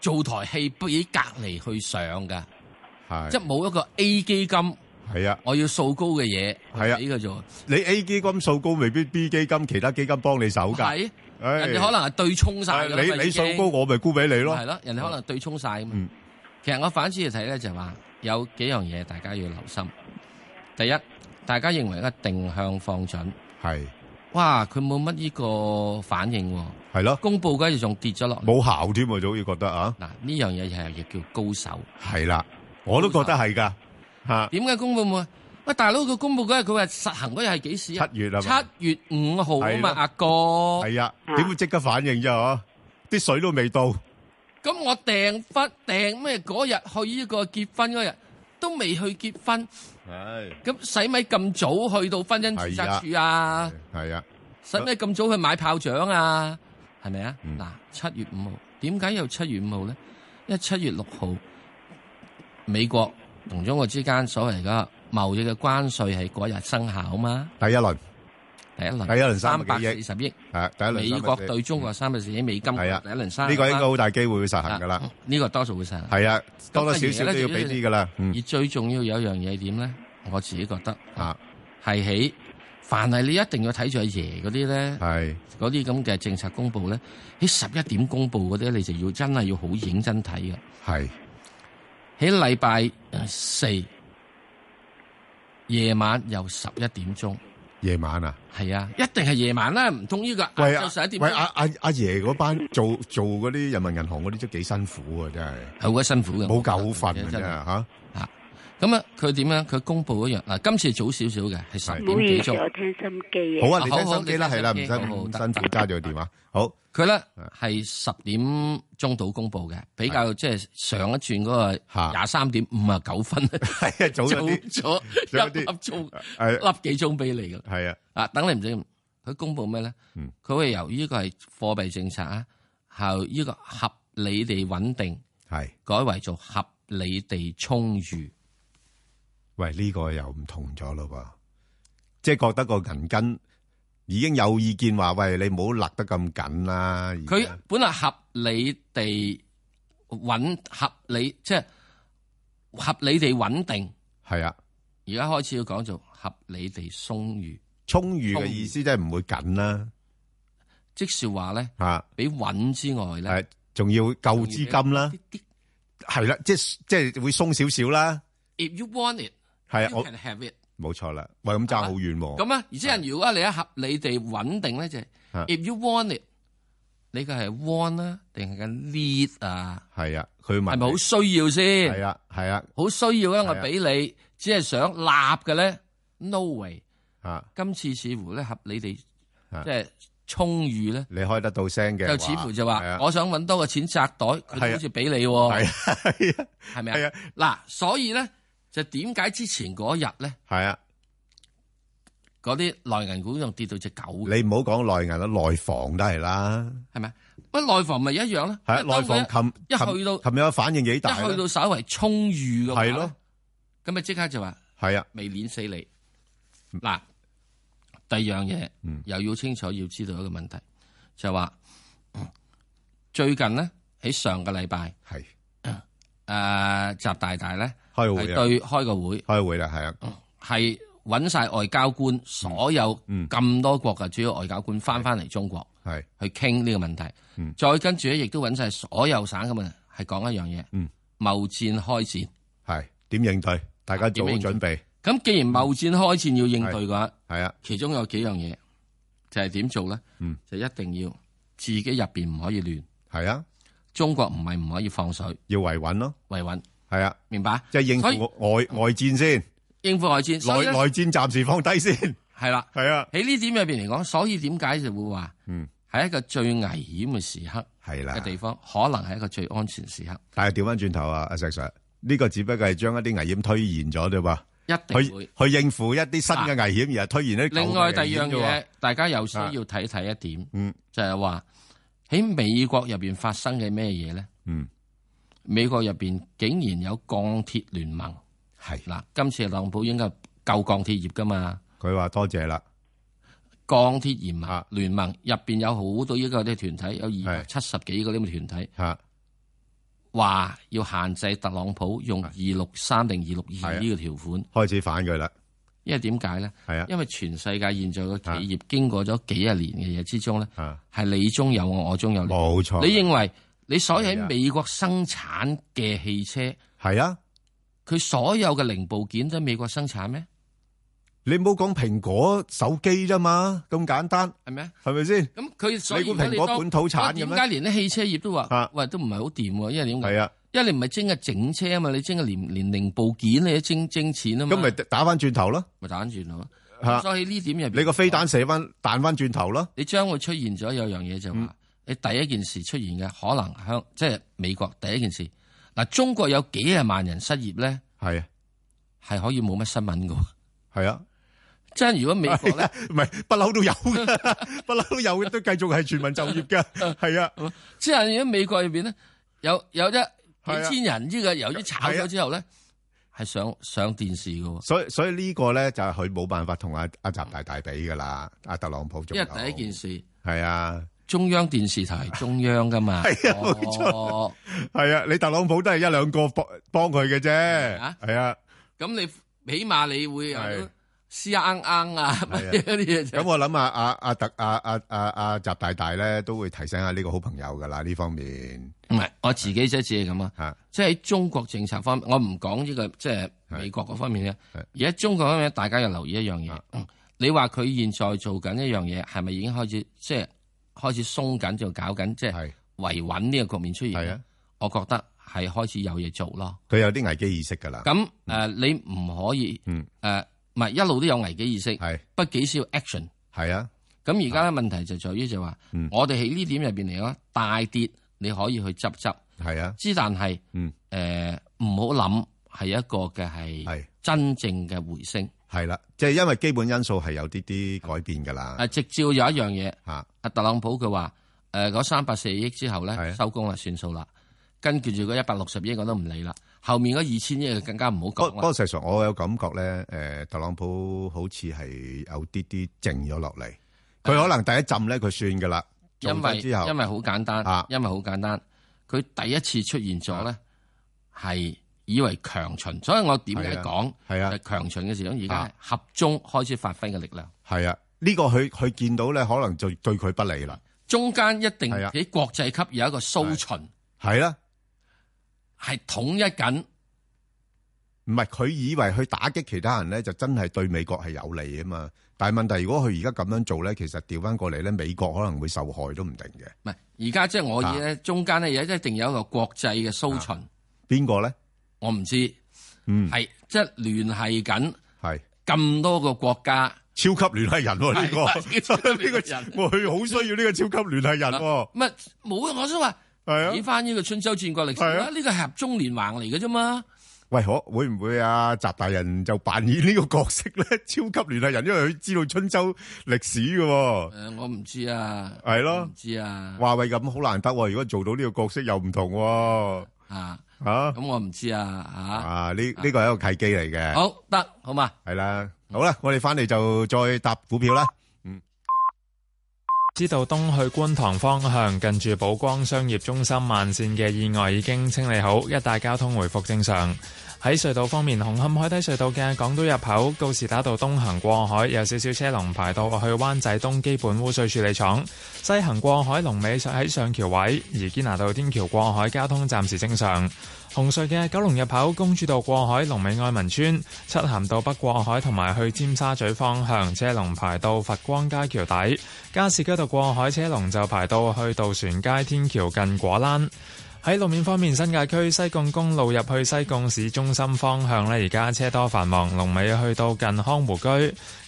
做台戲，不以隔籬去上噶，係即係冇一個 A 基金係啊，我要掃高嘅嘢係啊呢個做，你 A 基金掃高，未必 B 基金其他基金幫你手噶，係，人哋可能係對沖晒，你你掃高，我咪沽俾你咯，係咯，人哋可能對沖晒啊嘛。其實我反思嚟睇咧，就係話有幾樣嘢大家要留心，第一。大家認為一定向放準係，哇！佢冇乜呢個反應喎，係咯。公佈嗰日仲跌咗落，冇效添啊！就好似覺得啊，嗱呢樣嘢又係亦叫高手，係啦，我都覺得係㗎吓。點解公佈冇啊？喂，大佬佢公佈嗰日佢話實行嗰日係幾時啊？七月係嘛？七月五號啊嘛，阿哥。係啊，點會即刻反應啫？嗬，啲水都未到。咁我訂婚訂咩嗰日去呢個結婚嗰日都未去結婚。係，咁使咪咁早去到婚姻注冊處啊？係啊，使咪咁早去買炮仗啊？係咪啊？嗱、嗯，七月五號，點解又七月五號咧？因為七月六號，美國同中國之間所謂而家貿易嘅關稅係嗰日生效嘛。第一輪。第一輪三百四十億，係美國對中國三百四十億美金。係啊，第一輪三。呢個應該好大機會會實行噶啦。呢個多數會實行。係啊，多多少少都要俾啲噶啦。嗯。而最重要有一樣嘢點咧？我自己覺得啊，係喺凡係你一定要睇住阿爺嗰啲咧，係嗰啲咁嘅政策公布咧，喺十一點公布嗰啲，你就要真係要好認真睇嘅。係喺禮拜四夜晚又十一點鐘。夜晚啊，係啊，一定係夜晚啦、啊，唔通呢個、啊？喂，阿阿阿爺嗰班做做嗰啲人民銀行嗰啲都幾辛苦啊，真係好鬼辛苦嘅，冇夠瞓啊真係吓。啊咁啊！佢點樣佢公布一樣嗱、啊，今次早少少嘅係十點幾鐘。唔好意思，我聽心機啊。好啊，你聽心機啦，係啦，唔使咁辛苦。加咗電話，好佢咧係十點鐘到公布嘅，比較即係、就是、上一轉嗰個廿三點五啊九分係啊，呵呵早咗早粒鐘，粒、啊、幾鐘俾你嘅。係啊啊！等你唔整佢公布咩咧？佢、嗯、會由呢個係貨幣政策啊，係呢個合理地穩定係改為做合理地充裕。喂，呢個又唔同咗咯，即係覺得個銀根已經有意見話，喂，你唔好勒得咁緊啦。佢本嚟合理地穩，合理即係合理地穩定。係啊，而家開始要講做合理地充裕，充裕嘅意思即係唔會緊啦。即是話咧，比穩之外咧，仲要夠資金啦，係啦，即係即係會鬆少少啦。If you want it。係啊，我 can have it，冇錯啦，喂，咁爭好遠喎。咁啊，而且係如果你一合理地穩定咧、啊，就係、if you want it，你嘅係 want 啊，定係跟 need 啊？係啊，佢問係咪好需要先？係啊，係啊，好需要啊。啊，我俾你，只係想立嘅咧，no way。啊，今次似乎咧合理地，即係充裕咧、啊。你開得到聲嘅就似乎就話、啊，我想揾多個錢紮袋，佢好似俾你喎，係咪啊？嗱、啊啊啊啊啊，所以咧。就點解之前嗰日咧？係啊，嗰啲內銀股仲跌到隻狗。你唔好講內銀啦，內房都係啦。係咪？乜內房咪一樣啦？內、啊、房琴一,一去到琴日嘅反應幾大？一去到稍為充裕嘅話，咁咪即刻就話係啊，未捻死你。嗱，第二樣嘢、嗯，又要清楚要知道一個問題，就話最近呢，喺上個禮拜係。誒、呃，習大大咧係對開個會，開會啦係啊，係揾晒外交官，嗯、所有咁多國嘅主要外交官翻翻嚟中國係去傾呢個問題，嗯再跟住咧亦都揾晒所有省嘅人，係講一樣嘢，嗯貿戰開戰係點應對，大家做好準備？咁、啊、既然貿戰開戰要應對嘅話，係啊，其中有幾樣嘢就係、是、點做咧？嗯，就一定要自己入邊唔可以亂，係啊。中國唔係唔可以放水，要維穩咯。維穩係啊，明白。即係應付外外，外戰先，應付外戰，內內戰暫時放低先。係啦，係啊。喺呢點入邊嚟講，所以、啊啊、點解就會話，嗯，係一個最危險嘅時刻，係啦嘅地方，係啊、可能係一個最安全的時刻。但係調翻轉頭啊，阿、啊、石 Sir，呢個只不過係將一啲危險推延咗啫嘛，去去應付一啲新嘅危險、啊，而係推延一。另外第二樣嘢、啊，大家有少要睇睇一點係、啊，嗯，就係、係、話。喺美國入邊發生嘅咩嘢咧？嗯，美國入邊竟然有鋼鐵聯盟係嗱，是今次特朗普應該救鋼鐵業噶嘛？佢話多謝啦，鋼鐵聯盟聯盟入邊是有好多呢個啲團體，有二百七十幾個呢啲團體，話要限制特朗普用二六三定二六二呢個條款，開始反佢啦。因為點解咧？係啊，因為全世界現在嘅企業經過咗幾廿年嘅嘢之中咧，係啊，你中有我，我中有你。冇錯，你認為你所有喺美國生產嘅汽車係啊，佢所有嘅零部件都喺美國生產咩？你唔好講蘋果手機啫嘛，咁簡單係咩？係咪先？咁佢所以你估蘋果本土產嘅咩？點解連啲汽車業都話？係啊，喂，都唔係好掂喎，因為點解？係啊。因為你唔係蒸嘅整車啊嘛，你蒸嘅年年齡部件，你蒸蒸錢啊嘛。咁咪打翻轉頭咯，咪打翻轉咯。所以呢點入邊你個飛彈射翻彈翻轉頭咯。你將會出現咗有樣嘢就話、嗯，你第一件事出現嘅可能響即係美國第一件事。嗱，中國有幾廿萬人失業咧，係係、啊、可以冇乜新聞噶，係啊。即係如果美國咧，唔係、啊、不嬲都有，不 嬲有都繼續係全民就業嘅，係 啊。即係如果美國入邊咧，有有一。啊、幾千人呢個由於炒咗之後咧，係、啊、上上電視噶，所以所以這個呢個咧就係佢冇辦法同阿阿習大大比噶啦，阿、嗯、特朗普做。因為第一件事係啊，中央電視台係中央噶嘛，係啊冇錯，係、哦、啊，你特朗普都係一兩個幫幫佢嘅啫，係啊，咁、啊啊、你起碼你會有。是。啱 啱啊！咁我諗啊，阿阿特阿阿阿阿習大大咧都會提醒下呢個好朋友噶啦呢方面。唔係我自己即係咁啊，即係喺中國政策方面，面我唔講呢個即係、就是、美國嗰方面嘅。而家中國方面，大家又留意一樣嘢，你話佢現在做緊一樣嘢，係咪已經開始即係、就是、開始鬆緊就搞緊即係維穩呢個局面出現咧？我覺得係開始有嘢做咯。佢有啲危機意識噶啦。咁、嗯、誒、呃，你唔可以誒。嗯唔係一路都有危機意識，係不幾少 action，係啊。咁而家咧問題就在於就話、嗯，我哋喺呢點入邊嚟講，大跌你可以去執執，係啊。之但係，誒唔好諗係一個嘅係真正嘅回升，係啦。即係、就是、因為基本因素係有啲啲改變㗎啦。啊，直照有一樣嘢啊，阿特朗普佢話誒嗰三百四億之後咧收工啦算數啦，跟住住嗰一百六十億我都唔理啦。後面嗰二千億更加唔好講。不過事實上，我有感覺咧，誒、呃，特朗普好似係有啲啲靜咗落嚟。佢可能第一浸咧，佢算㗎喇。因為之後因為好簡單，因為好簡單，佢第一次出現咗咧，係以為強秦。所以我點解講係啊？強、就是、秦嘅時候，而家合中開始發揮嘅力量。係啊，呢、這個佢佢見到咧，可能就對佢不利啦。中間一定喺國際級有一個蘇秦。係啦。係統一緊，唔係佢以為去打擊其他人咧，就真係對美國係有利啊嘛。但係問題是如果佢而家咁樣做咧，其實調翻過嚟咧，美國可能會受害都唔定嘅。唔係，而家即係我以家、啊、中間咧，而家一定有一個國際嘅蘇秦。邊個咧？我唔知道。嗯，係即係聯繫緊，係、就、咁、是、多個國家。嗯、超級聯繫人呢、啊這個呢、啊啊 這個人，佢 好需要呢個超級聯繫人、啊。唔、啊、係，冇，我想話。係啊！睇翻呢個春秋戰國歷史啊，呢個合中連橫嚟嘅啫嘛。喂，可會唔會阿、啊、習大人就扮演呢個角色咧？超級聯繫人，因為佢知道春秋歷史嘅、啊。誒、呃，我唔知道啊。係咯，唔知啊。哇喂咁好難得，如果做到呢個角色又唔同啊啊啊啊啊，啊，好，咁我唔知啊，啊，啊呢呢個係一個契機嚟嘅。好得，好嘛。係啦，好啦，我哋翻嚟就再答股票啦。知道東去觀塘方向近住寶光商業中心慢線嘅意外已經清理好，一帶交通回復正常。喺隧道方面，紅磡海底隧道嘅港島入口告士打道東行過海有少少車龍排到去灣仔東基本污水處理廠，西行過海龍尾喺上橋位，而堅拿道天橋過海交通暫時正常。紅隧嘅九龍入口公主道過海、龍尾愛民村、漆咸道北過海同埋去尖沙咀方向車龍排到佛光街橋底，加士居道過海車龍就排到去渡船街天橋近果欄。喺路面方面，新界區西貢公路入去西貢市中心方向呢，而家車多繁忙，龍尾去到近康湖居。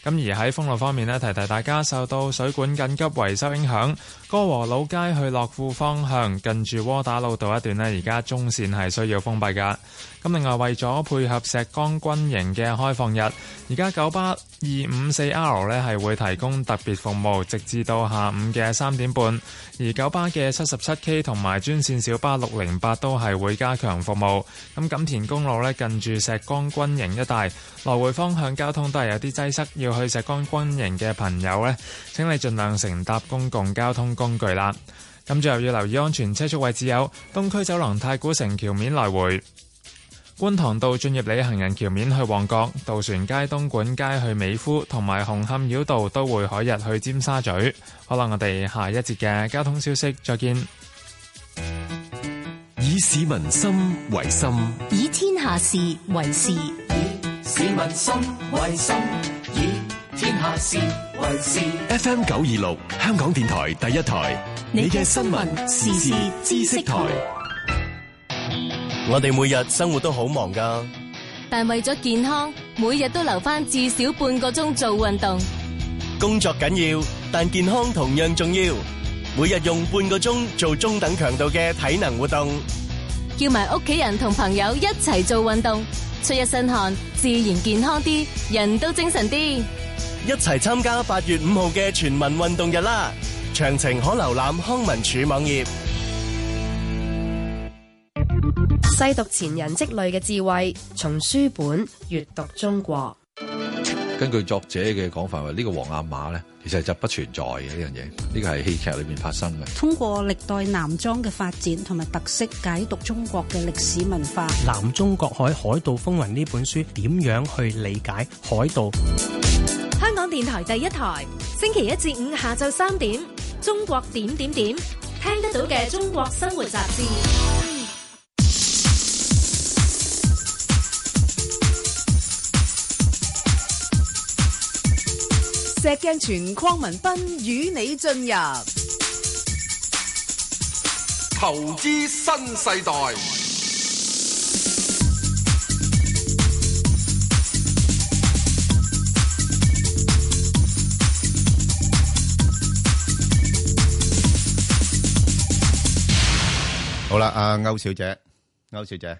咁而喺封路方面呢，提提大家受到水管緊急維修影響，歌和老街去樂富方向近住窩打老道一段呢，而家中線係需要封閉㗎。咁另外，為咗配合石崗軍營嘅開放日，而家九巴二五四 R 呢係會提供特別服務，直至到下午嘅三點半。而九巴嘅七十七 K 同埋專線小巴六零八都係會加強服務。咁錦田公路呢，近住石崗軍營一帶來回方向交通都係有啲擠塞，要去石崗軍營嘅朋友呢，請你盡量乘搭公共交通工具啦。咁最後要留意安全車速位置有東區走廊、太古城橋面來回。觀塘道進入你行人橋面去旺角，渡船街、東莞街去美孚，同埋紅磡繞道都會海日去尖沙咀。好啦，我哋下一節嘅交通消息再見。以市民心為心，以天下事為事，以市民心為心，以天下事為事。FM 九二六，香港電台第一台，你嘅新聞時事知識台。我哋每日生活都好忙㗎，但為咗健康，每日都留返至少半個鐘做運動。工作緊要，但健康同樣重要。每日用半個鐘做中等強度嘅體能活動，叫埋屋企人同朋友一齊做運動，出一身汗，自然健康啲，人都精神啲。一齊參加八月五號嘅全民運動日啦！詳情可瀏覽康文署網頁。細讀前人積累嘅智慧，從書本閱讀中國。根據作者嘅講法，話、這、呢個黃阿瑪呢，其實就不存在嘅呢樣嘢，呢、這個係戲劇裏面發生嘅。通過歷代男裝嘅發展同埋特色，解讀中國嘅歷史文化。《南中國海海盜風雲》呢本書點樣去理解海盜？香港電台第一台，星期一至五下晝三點，中國點點點，聽得到嘅中國生活雜誌。石鏡泉、鄺民彬與你進入投資新世代。好啦，阿歐小姐，歐小姐，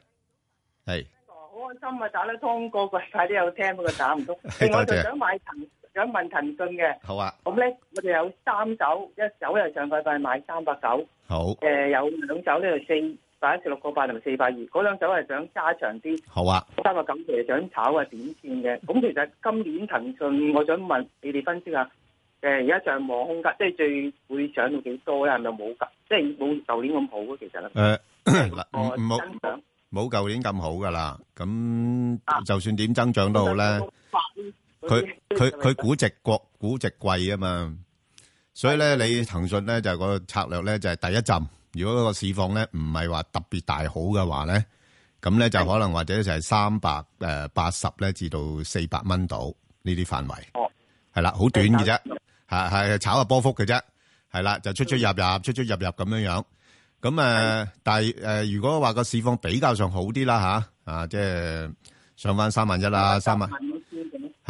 係，好開心啊！打到通過個，快啲有聽，不過打唔通，我就想買層。想問騰訊嘅好啊，咁咧我哋有三手，一手又上個月買三百九，好，誒有兩手咧就四百一十六個八同埋四百二，嗰兩手係想加長啲，好啊。三個九係想炒嘅短線嘅，咁其實今年騰訊，我想問你哋分析下，誒而家上網空間即係最會漲到幾多咧？係咪冇㗎？即係冇舊年咁好嘅其實咧？誒，個增長冇舊年咁好㗎啦。咁就算點增長都好咧。佢佢佢估值高估值貴啊嘛，所以咧你騰訊咧就個策略咧就係、是、第一陣，如果個市況咧唔係話特別大好嘅話咧，咁咧就可能或者就係三百誒八十咧至到四百蚊度呢啲範圍，係啦，好、哦、短嘅啫，係係炒下波幅嘅啫，係啦，就出出入入出出入入咁樣樣，咁誒、呃，但係誒、呃、如果話個市況比較上好啲啦吓，啊即係、啊就是、上翻三萬一啦，三萬。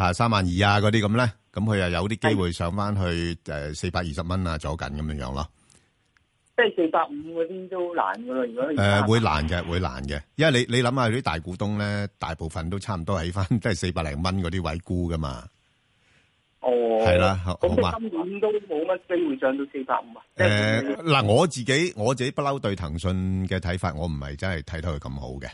啊，三萬二啊，嗰啲咁咧，咁佢又有啲機會上翻去誒四百二十蚊啊，左近咁樣樣咯，即係四百五嗰啲都難噶啦，如果誒會難嘅，會難嘅，因為你你諗下啲大股東咧，大部分都差唔多喺翻即係四百零蚊嗰啲位估噶嘛，哦，係啦，好嘛，咁今年都冇乜機會上到四百五啊，誒，嗱，我自己我自己不嬲對騰訊嘅睇法，我唔係真係睇到佢咁好嘅。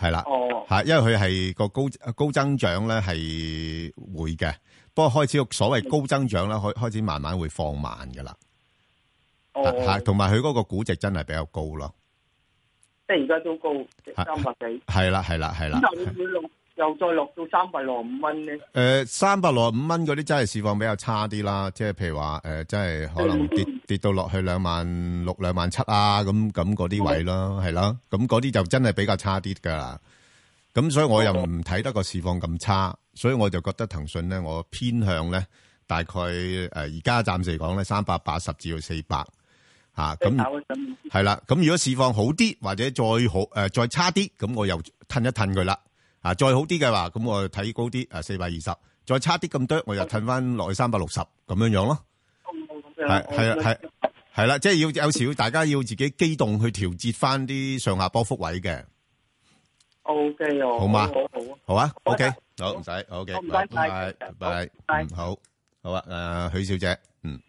係啦，吓、哦，因為佢係個高高增長咧係會嘅，不過開始所謂高增長咧開開始慢慢會放慢噶啦，吓、哦，同埋佢嗰個估值真係比較高咯，即係而家都高三百幾，係啦係啦係啦。又再落到三百六十五蚊咧？誒、呃，三百六十五蚊嗰啲真係市況比較差啲啦。即係譬如話誒、呃，真係可能跌跌到落去兩萬六、兩萬七啊，咁咁嗰啲位咯，係啦。咁嗰啲就真係比較差啲噶啦。咁所以我又唔睇得個市況咁差，所以我就覺得騰訊咧，我的偏向咧大概誒而家暫時嚟講咧三百八十至到四百吓咁係啦。咁如果市況好啲或者再好誒、呃、再差啲，咁我又褪一褪佢啦。啊，再好啲嘅話，咁我睇高啲，誒，四百二十，再差啲咁多，我又褪翻落去三百六十，咁樣樣咯。係係係係啦，即、哦、係、哦哦就係、要有時要大家要自己機動去調節翻啲上下波幅位嘅。O K，好嘛，好啊，O K，好唔使，O K，拜拜，拜拜，好，好啊，誒、呃，許小姐，嗯，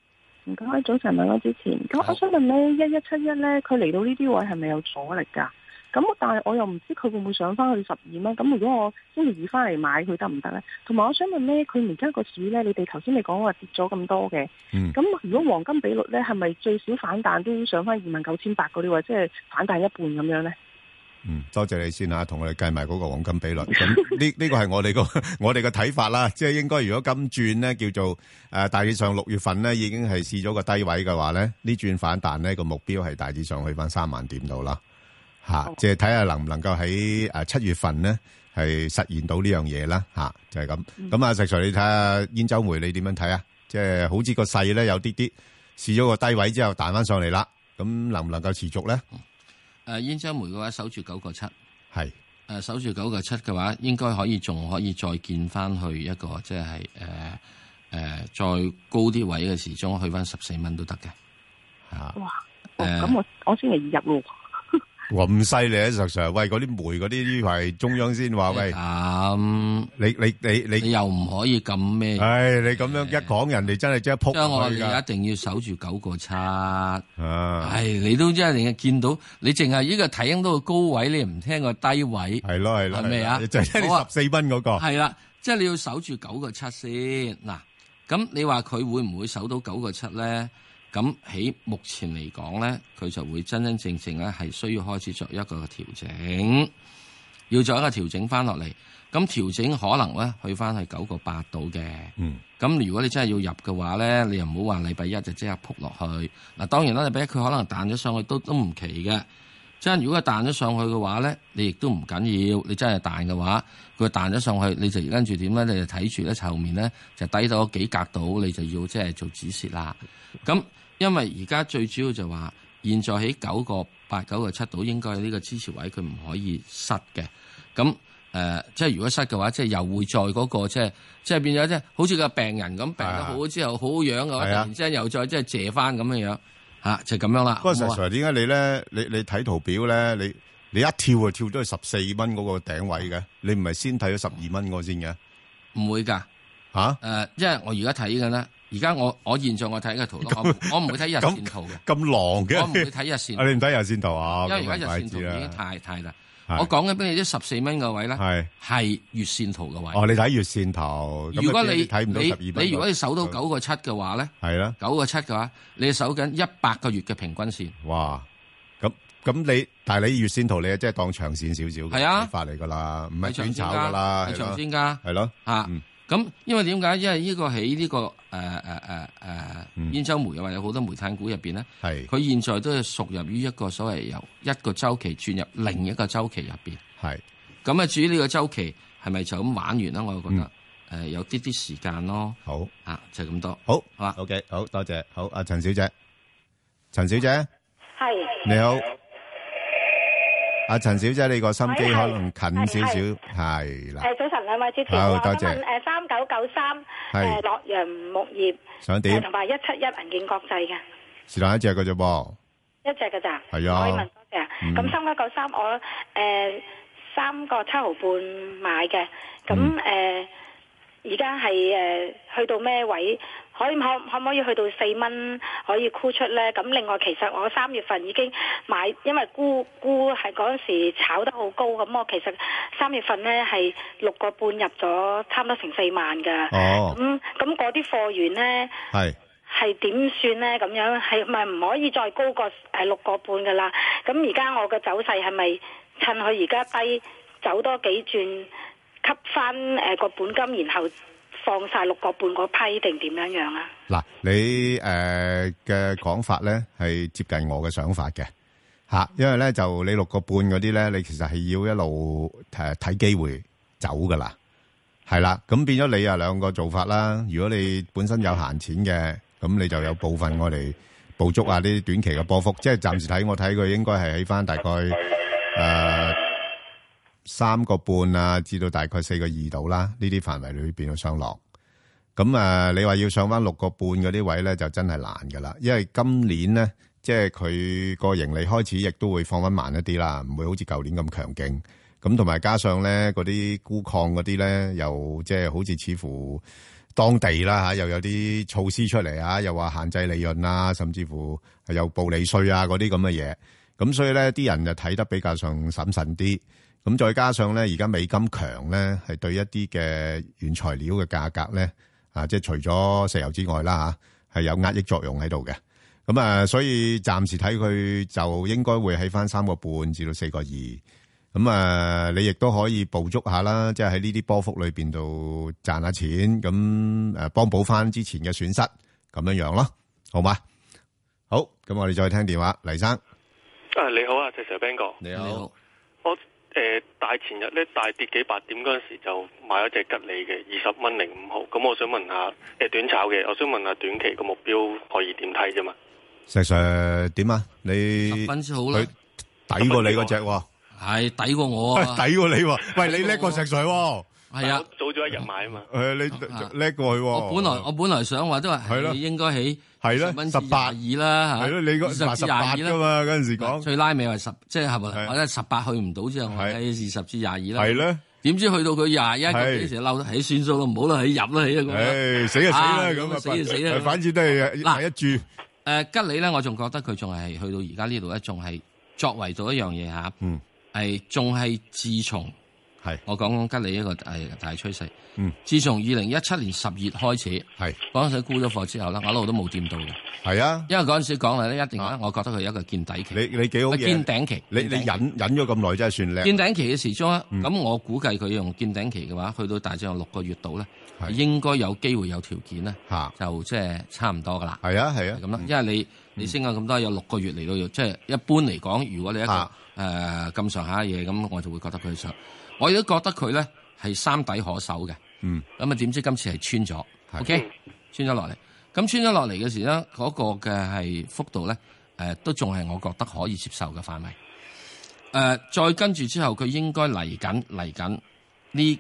唔該，早晨，問我之前，咁我想問你一一七一咧，佢嚟到呢啲位係咪有阻力噶？咁但係我又唔知佢會唔會上翻去十二蚊。咁如果我星期二翻嚟買佢得唔得咧？同埋我想問咧，佢而家個市咧，你哋頭先你講話跌咗咁多嘅，咁、嗯、如果黃金比率咧，係咪最少反彈都要上翻二萬九千八嗰啲或，即係反彈一半咁樣咧？嗯，多謝你先啊。同我哋計埋嗰個黃金比率。咁呢呢個係我哋個我哋個睇法啦。 即係應該如果今轉咧叫做、呃、大致上六月份咧已經係試咗個低位嘅話咧，呢轉反彈咧個目標係大致上去翻三萬點度啦。吓、啊，即係睇下，能唔能夠喺誒七月份咧，係實現到呢樣嘢啦。吓、啊，就係、是、咁。咁、嗯、啊，石 Sir，你睇下兗州煤，你點樣睇啊？即、就、係、是、好似個勢咧有啲啲試咗個低位之後彈翻上嚟啦。咁能唔能夠持續咧？誒、啊，兗州煤嘅話守住九個七，係誒、啊、守住九個七嘅話，應該可以仲可以再見翻去一個即係誒誒再高啲位嘅時鐘去翻十四蚊都得嘅。吓、啊、哇！咁、哦啊、我我星期二入喎。咁犀利啊！常常喂嗰啲煤嗰啲，呢排中央先話喂咁，你你你你又唔可以咁咩？唉，你咁樣一講，人哋真係即刻撲開噶。一定要守住九個七啊！係你都真係見到，你淨係呢個睇到個高位，你唔聽個低位。係咯係咯，係咪啊？就聽十四蚊嗰個。係啦，即係你要守住九個七先嗱。咁你話佢會唔會守到九個七咧？咁喺目前嚟講咧，佢就會真真正正咧係需要開始作一個調整，要做一個調整翻落嚟。咁調整可能咧去翻去九個八度嘅。嗯。咁如果你真係要入嘅話咧，你又唔好話禮拜一就即刻撲落去。嗱、啊，當然啦，禮拜一佢可能彈咗上去都都唔奇嘅。真係如果佢彈咗上去嘅話咧，你亦都唔緊要。你真係彈嘅話，佢彈咗上去，你就跟住點咧？你就睇住咧，後面咧就低到幾格度，你就要即係做止蝕啦。咁、嗯。因為而家最主要就話，現在喺九個八九個七度應該呢個支持位，佢唔可以失嘅。咁誒、呃，即係如果失嘅話，即係又會再嗰、那個，即係即係變咗即係，好似個病人咁病得好之後、啊、好樣嘅話，突然之間又再、啊、即係借翻咁樣樣，吓就咁樣啦。嗰個純粹點解你咧？你你睇圖表咧？你你一跳就跳咗去十四蚊嗰個頂位嘅？你唔係先睇咗十二蚊嗰先嘅？唔會噶吓？誒、啊、呃，因為我而家睇緊咧。而家我我現在我睇個圖囉，我我唔會睇日線圖嘅。咁狼嘅，我唔會睇日線圖。 啊，你唔睇日線圖啊？因為而家日線圖已經太、啊、太啦。我講緊俾你啲十四蚊嘅位咧，係係月線圖嘅位。哦，你睇月線圖。如果你睇唔到十二，你如果你守到九個七嘅話咧，係啦，九個七嘅話，你守緊一百個月嘅平均線。哇！咁咁你，但係你月線圖，你即係當長線少少嘅係啊，你法嚟噶啦，唔係亂炒噶啦，係長線㗎，係咯啊。咁，因為點解？因為呢個喺呢、這個誒誒誒誒燕州煤又話有好多煤炭股入邊咧，佢、嗯、現在都係屬入於一個所謂由一個周期轉入另一個周期入面。係咁啊！至於呢個周期係咪就咁玩完啦？我覺得誒、嗯呃、有啲啲時間咯。好啊，就咁多。好，好 O、okay, K，好多謝。好啊，陳小姐，陳小姐，Hi. 你好。阿陳小姐，你個心機可能近少少，係啦。誒，早晨兩位小姐，好，多謝。誒，三九九三，誒，洛陽鉬業，想點？同埋一七一銀建國際嘅，是但一隻嘅啫噃，一隻嘅咋？係啊，可以問多謝。咁三九九三，我誒三個七毫半買嘅，咁誒而家係誒去到咩位？可以可唔可，可以去到四蚊可以沽出呢？咁另外其實我三月份已經買，因為沽沽係嗰陣時炒得好高，咁我其實三月份呢係六個半入咗，差唔多成四萬㗎。哦，咁嗰啲貨源呢係點、yes. 算呢？咁樣係咪唔可以再高過係六個半㗎啦？咁而家我嘅走勢係咪趁佢而家低走多幾轉，吸翻誒、呃、個本金，然後？放曬六個半嗰批定點樣樣啊？嗱，你誒嘅講法咧係接近我嘅想法嘅嚇，因為咧就你六個半嗰啲咧，你其實係要一路誒睇機會走噶啦，係啦，咁變咗你有兩個做法啦。如果你本身有閒錢嘅，咁你就有部分我哋捕捉下啲短期嘅波幅，即係暫時睇我睇佢應該係喺翻大概誒。三個半啊，至到大概四個二度啦。呢啲範圍裏邊嘅上落咁啊。你話要上翻六個半嗰啲位咧，就真係難噶啦。因為今年咧，即係佢個盈利開始亦都會放翻慢一啲啦，唔會好似舊年咁強勁。咁同埋加上咧嗰啲鈷礦嗰啲咧，又即係好似似乎當地啦吓，又有啲措施出嚟啊，又話限制利潤啦，甚至乎係有暴利稅啊嗰啲咁嘅嘢。咁所以咧，啲人就睇得比較上審慎啲。咁再加上咧，而家美金強咧，係對一啲嘅原材料嘅價格咧，啊，即係除咗石油之外啦嚇，係有壓抑作用喺度嘅。咁啊，所以暫時睇佢就應該會喺翻三個半至到四個二。咁啊，你亦都可以捕足下啦，即係喺呢啲波幅裏邊度賺下錢，咁誒幫補翻之前嘅損失咁樣樣咯，好嗎？好，咁我哋再聽電話，黎生。啊，你好啊，謝謝 Ben 哥。你好，謝謝 S3, 誒、呃，大前日咧大跌幾百點嗰陣時，就買咗隻吉利嘅二十蚊零五號。咁我想問下，誒、呃、短炒嘅，我想問下短期個目標可以點睇啫嘛？石 Sir 點啊？你十分之好佢抵過你嗰隻，係抵過我，抵過你、啊抵過啊 抵過你啊，喂你叻過石 Sir 喎，啊。 係啊，我早咗一日買啊嘛。係啊，你叻過佢。我本來我本來想話都話，你應該起係啦，十八二啦，係啦，你個十八噶嘛？嗰陣時講最拉尾話十，即係咪？或者十八去唔到之後，我係二十至廿二啦。係啦，點知去到佢廿一嗰啲時，嬲得起算數咯，唔好啦，起入啦，起咁、啊啊啊、樣。死就死啦，咁啊，死就死啦。反正都係嗱、啊、一注誒、啊，吉利咧，我仲覺得佢仲係去到而家呢度，一仲係作為到一樣嘢吓。係仲係自從。係，我講講吉利一個大趨勢。嗯，自從二零一七年十月開始，係嗰陣時沽咗貨之後啦，我一路都冇掂到嘅。係啊，因為嗰陣時講咧，一定咧、啊，我覺得佢有一個見底期。你你幾好嘅？見頂期，你期你，你忍忍咗咁耐，真係算靚。見頂期嘅時鐘，咁、嗯、我估計佢用見頂期嘅話，去到大致有六個月度咧、啊，應應該有機會有條件咧、啊，就即係差唔多噶啦。係啊係啊，咁啦、啊就是啊，因為你你升咗咁多，有六個月嚟，到即係一般嚟講，如果你一個誒咁上下嘅嘢，咁、啊呃、我就會覺得佢上。我亦都覺得佢咧係三底可守嘅，嗯，咁啊點知今次係穿咗，OK、嗯、穿咗落嚟，咁穿咗落嚟嘅時咧，嗰、嗰個嘅係幅度咧、呃，都仲係我覺得可以接受嘅範圍。誒、呃，再跟住之後，佢應該嚟緊嚟緊呢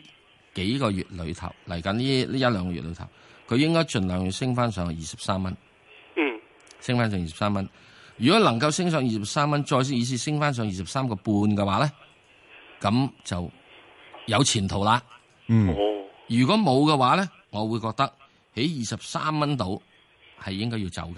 幾個月裏頭，嚟緊呢呢一兩個月裏頭，佢應該盡量要升翻上二十三蚊，嗯，升翻上二十三蚊。如果能夠升上二十三蚊，再次以次升翻上二十三個半嘅話咧，咁就，有前途啦，嗯，如果冇嘅話咧，我會覺得喺二十三蚊度係應該要走嘅。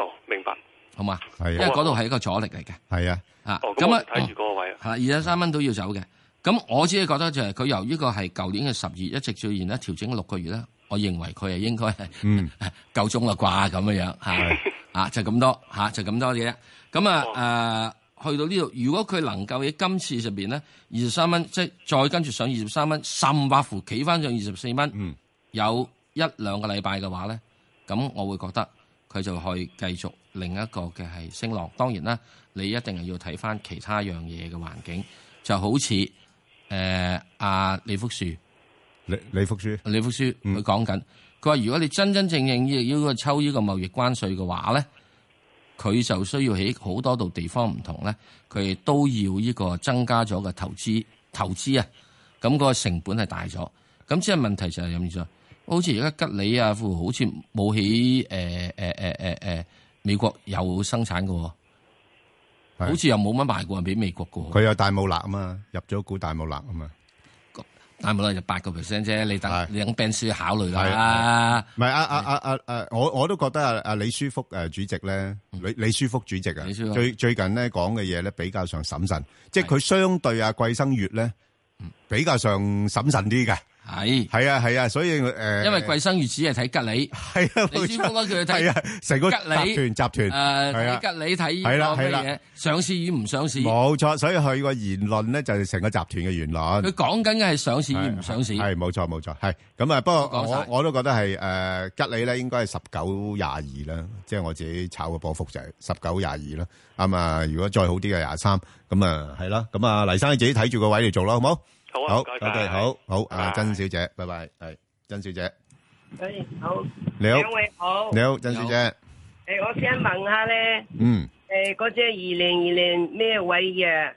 哦，明白，好嘛，係、啊，因為嗰度係一個阻力嚟嘅，係啊，啊，咁、哦哦、啊，睇住個位二十三蚊都要走嘅，咁我自己覺得就係、是、佢由於個係舊年嘅十二一直最然咧調整六個月啦，我認為佢係應該，嗯，夠鐘啦啩咁樣樣吓，啊，就咁多吓、啊，就咁多嘢，咁啊，誒、哦。啊去到呢度，如果佢能夠喺今次上邊咧，二十三蚊，即係再跟住上二十三蚊，甚至乎企翻上二十四蚊，有一兩個禮拜嘅話咧，咁我會覺得佢就去繼續另一個嘅係升浪。當然啦，你一定係要睇翻其他樣嘢嘅環境，就好似誒阿李福樹，李李福樹，李福樹佢講緊，佢話、嗯、如果你真真正正要要個抽呢個貿易關稅嘅話咧。佢就需要喺好多度地方唔同咧，佢都要呢個增加咗個投資投資啊，咁個成本係大咗，咁即係問題就係有冇咗？好似而家吉利啊，好似冇喺誒誒誒美國有生產㗎喎，好似又冇乜賣過俾美國㗎喎。佢有大冇立啊嘛，入咗股大冇立啊嘛。差唔多就八個 percent 啫，你等你等證書考慮啦。係啊，唔係啊啊啊啊啊，我我都覺得啊啊李書福誒主席咧，李李書福主席啊，最最近咧講嘅嘢咧比較上審慎，即係佢相對阿季生月咧，比較上審慎啲嘅。係，係啊，係啊，所以誒，因為貴生如此係睇吉利，係啊，黎叔都講佢睇啊，成個吉利集團集團誒，睇吉利睇呢個乜嘢上市與唔上市，冇錯，所以佢個言論咧就係成個集團嘅言論。佢講緊嘅係上市與唔上市，係冇錯冇錯，係咁啊。不過我我都覺得係誒吉利咧，應該係十九廿二啦，即係我自己炒個波幅就係十九廿二啦。啱啊，如果再好啲嘅廿三，咁啊係啦，咁啊黎生你自己睇住個位嚟做啦，好冇？好，多好 okay, 好，好、Bye. 啊，曾小姐，拜拜，係曾小姐，誒、hey,，好，你好，兩位好，你好，曾小姐，誒、欸，我想問下咧，嗯，誒、呃，嗰隻二零二零咩位嘅，啊，誒、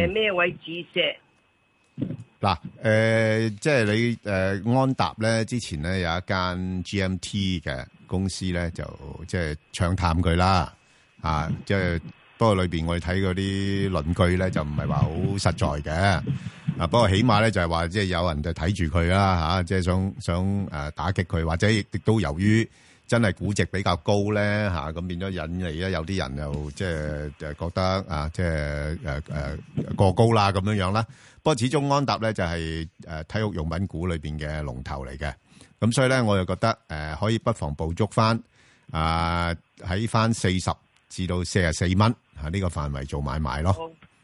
呃、咩位主席？嗱、嗯，誒、呃，即係你誒、呃、安踏咧，之前咧有一間 G M T 嘅公司咧，就即係唱淡佢啦，啊，即、就、係、是、不過裏邊我哋睇嗰啲論據咧，就唔係話好實在嘅。啊，不過起碼咧就係話，即係有人就睇住佢啦，即係想想誒打擊佢，或者亦都由於真係估值比較高咧，咁變咗引嚟咧有啲人又即係就覺得啊，即係誒誒過高啦咁樣樣啦。不過始終安踏咧就係誒體育用品股裏面嘅龍頭嚟嘅，咁所以咧我就覺得誒可以不妨捕捉翻啊喺翻四十至到四十四蚊呢個範圍做買賣咯，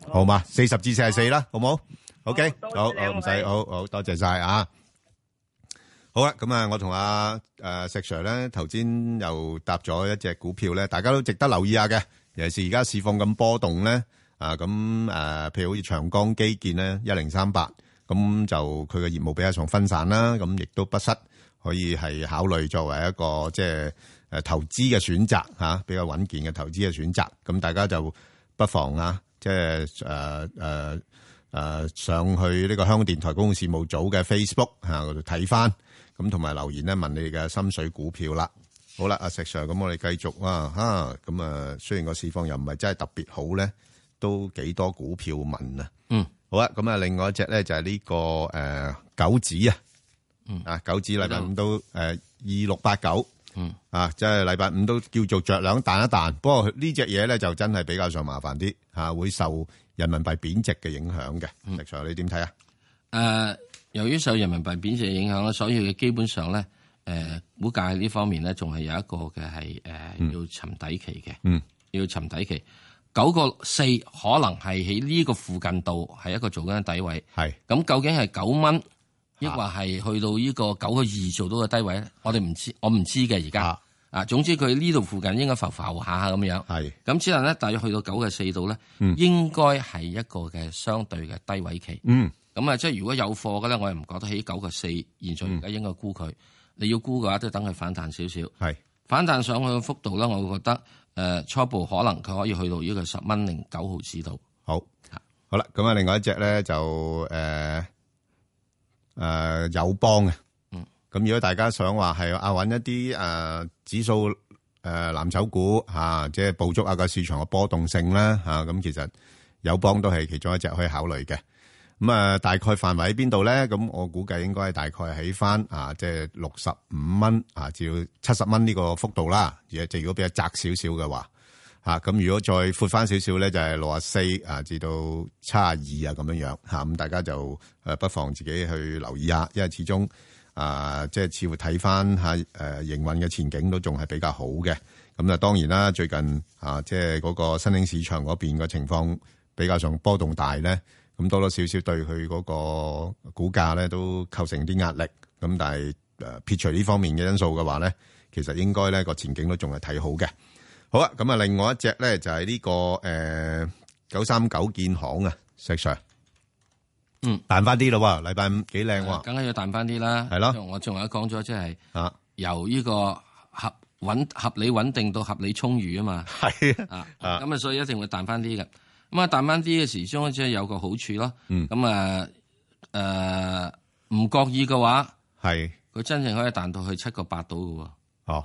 好嘛？四十至四十四啦，好冇？Ok，好，唔使，好好，多謝晒啊！好啊，咁啊，我同阿誒石 Sir 咧，頭先又答咗一隻股票咧，大家都值得留意下嘅，尤其是而家市況咁波動咧，啊咁誒，譬、呃、如好似長江基建咧一零三八，咁就佢嘅業務比較重分散啦，咁亦都不失可以係考慮作為一個即係誒、呃、投資嘅選擇吓、啊，比較穩健嘅投資嘅選擇，咁大家就不妨啊，即係誒誒。呃呃誒，上去呢個香港電台公共事務組嘅 Facebook 吓度睇翻，咁同埋留言咧問你嘅心水股票啦。好、啊、啦，阿、啊、石 Sir，咁我哋繼續啊，吓咁啊，雖然個市況又唔係真係特別好咧，都幾多股票問啊。嗯，好啦，咁啊，另外一隻咧就係、是、呢、這個誒玖紙啊，嗯啊玖紙禮拜五都誒二六八九，呃、2689, 嗯啊即係禮拜五都叫做着兩彈一彈，不過呢隻嘢咧就真係比較上麻煩啲吓，會受。人民幣貶值嘅影響嘅，麥 Sir 你點睇啊？誒、呃，由於受人民幣貶值嘅影響咧，所以嘅基本上咧，誒股價呢方面咧，仲係有一個嘅係誒要沉底期嘅，嗯，要沉底期。九個四可能係喺呢個附近度係一個做緊底位，係。咁究竟係九蚊，抑或係去到呢個九個二做到嘅低位咧、啊？我哋唔知，我唔知嘅而家。啊，總之佢呢度附近應該浮浮下下咁樣，係咁只能咧，大約去到九嘅四度咧，應該係一個嘅相對嘅低位期。嗯，咁啊、嗯，即係如果有貨嘅咧，我又唔覺得起九個四，然現在而家應該沽佢，你要沽嘅話，都等佢反彈少少。係反彈上去嘅幅度咧，我會覺得誒初步可能佢可以去到呢個十蚊零九毫子度。好，好啦，咁啊，另外一隻咧就誒誒友邦嘅。呃呃有咁如果大家想話係啊揾，一啲誒，指數誒藍籌股吓，即係捕捉下個市場嘅波動性啦。吓，咁其實友邦都係其中一隻可以考慮嘅。咁啊，大概範圍喺邊度咧？咁我估計應該大概喺翻啊，即係六十五蚊啊至到七十蚊呢個幅度啦。而就如果比較窄少少嘅話，吓咁如果再闊翻少少咧，就係六十四啊至到七十二啊咁樣樣吓。咁大家就誒不妨自己去留意下，因為始終。啊，即係似乎睇翻吓誒營運嘅前景都仲係比較好嘅。咁啊，當然啦，最近啊，即係嗰個新興市場嗰邊嘅情況比較上波動大咧，咁多多少少對佢嗰個股價咧都構成啲壓力。咁但係，啊，撇除呢方面嘅因素嘅話咧，其實應該咧個前景都仲係睇好嘅。好啊，咁啊，另外一隻咧就係呢個誒九三九建行啊，石 Sir。嗯，彈翻啲咯，禮拜五幾靚喎，梗係要彈翻啲啦，係咯。我仲有講咗，即係啊，由呢個合穩合理穩定到合理充裕啊嘛，係啊，咁啊，所以一定會彈翻啲嘅。咁啊，彈翻啲嘅時陣，即係有個好處咯，咁、嗯嗯、啊，誒、呃，唔覺意嘅話係，佢真正可以彈到去七個八度嘅喎，哦、啊，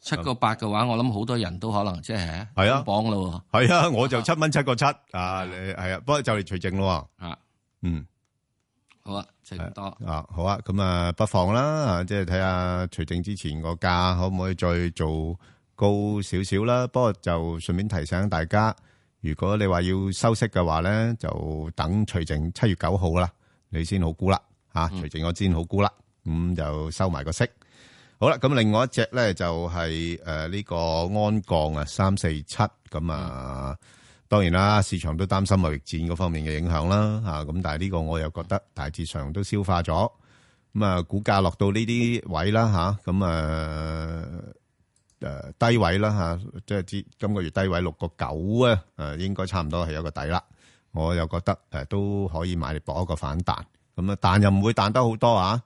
七個八嘅話，我諗好多人都可能即係係啊，就是、榜咯，係啊，我就七蚊七個七啊，你係啊，不過就嚟除淨咯，啊。嗯，好啊，差唔多啊，好啊，咁啊，不妨啦，即係睇下徐正之前個價可唔可以再做高少少啦？不過就順便提醒大家，如果你話要收息嘅話咧，就等徐正七月九號啦，你先好沽啦，吓、嗯啊，徐正我先好沽啦，咁、嗯、就收埋個息。好啦、啊，咁另外一隻咧就係誒呢個鞍鋼啊，三四七咁啊。嗯當然啦，市場都擔心貿易戰嗰方面嘅影響啦，咁、啊，但係呢個我又覺得大致上都消化咗。咁啊，股價落到呢啲位啦，咁啊，啊，低位啦，即、啊、係、就是、今個月低位六個九啊，誒應該差唔多係有個底啦。我又覺得、啊、都可以買嚟搏一個反彈。咁啊，彈又唔會彈得好多啊，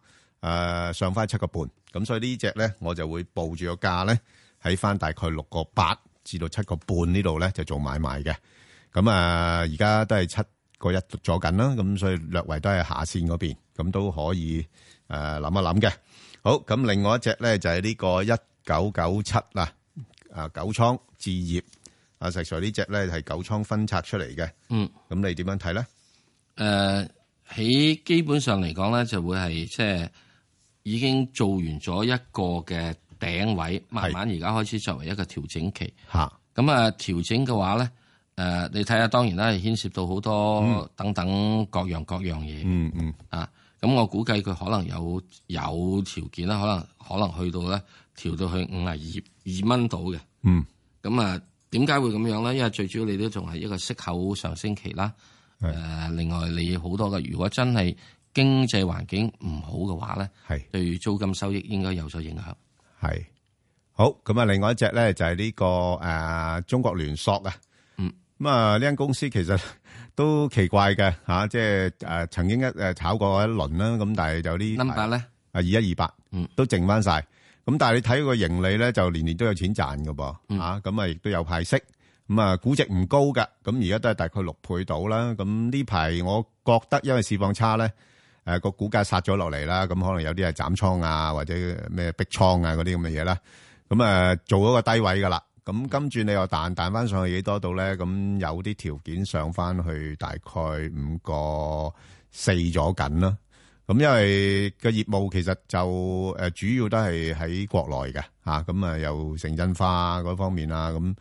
上翻七個半。咁所以呢隻咧，我就會報住個價咧，喺翻大概六個八至到七個半呢度咧就做買賣嘅。咁啊，而家都係七個一左右啦，咁所以略為都係下線嗰邊，咁都可以誒諗一諗嘅。好，咁另外一隻咧就係呢個一九九七啦，啊九倉置業啊，石 Sir 呢隻咧係九倉分拆出嚟嘅。嗯，咁你點樣睇咧？誒、呃，喺基本上嚟講咧，就會係即係已經做完咗一個嘅頂位，慢慢而家開始作為一個調整期。嚇，咁啊調整嘅話咧？誒、呃，你睇下，當然啦，牽涉到好多等等各樣各樣嘢，嗯嗯啊。咁我估計佢可能有有條件啦，可能可能去到咧調到去五十二、二蚊度嘅，嗯。咁啊，點解會咁樣咧？因為最主要你都仲係一個息口上升期啦。誒、啊，另外你好多嘅，如果真係經濟環境唔好嘅話咧，係對租金收益應該有所影響。係好咁啊，另外一隻咧就係呢、這個誒、啊、中國聯塑啊。咁啊，呢間公司其實都奇怪嘅，吓、啊，即係誒，曾經一誒炒過一輪啦，咁但係就啲 number 咧二一二八，嗯、啊，21, 28, mm. 都剩翻晒。咁但係你睇個盈利咧，就年年都有錢賺噶噃，吓，咁啊，亦、mm. 都有派息。咁、嗯、啊，估值唔高噶，咁而家都係大概六倍到啦。咁呢排我覺得因為市況差咧，誒、啊，個股價殺咗落嚟啦，咁可能有啲係斬倉啊，或者咩逼倉啊嗰啲咁嘅嘢啦。咁啊、嗯呃，做咗個低位噶啦。咁跟住你又彈彈翻上去幾多度咧？咁有啲條件上翻去大概五個四咗緊啦。咁因為個業務其實就誒主要都係喺國內嘅吓，咁啊又城鎮化嗰方面啊，咁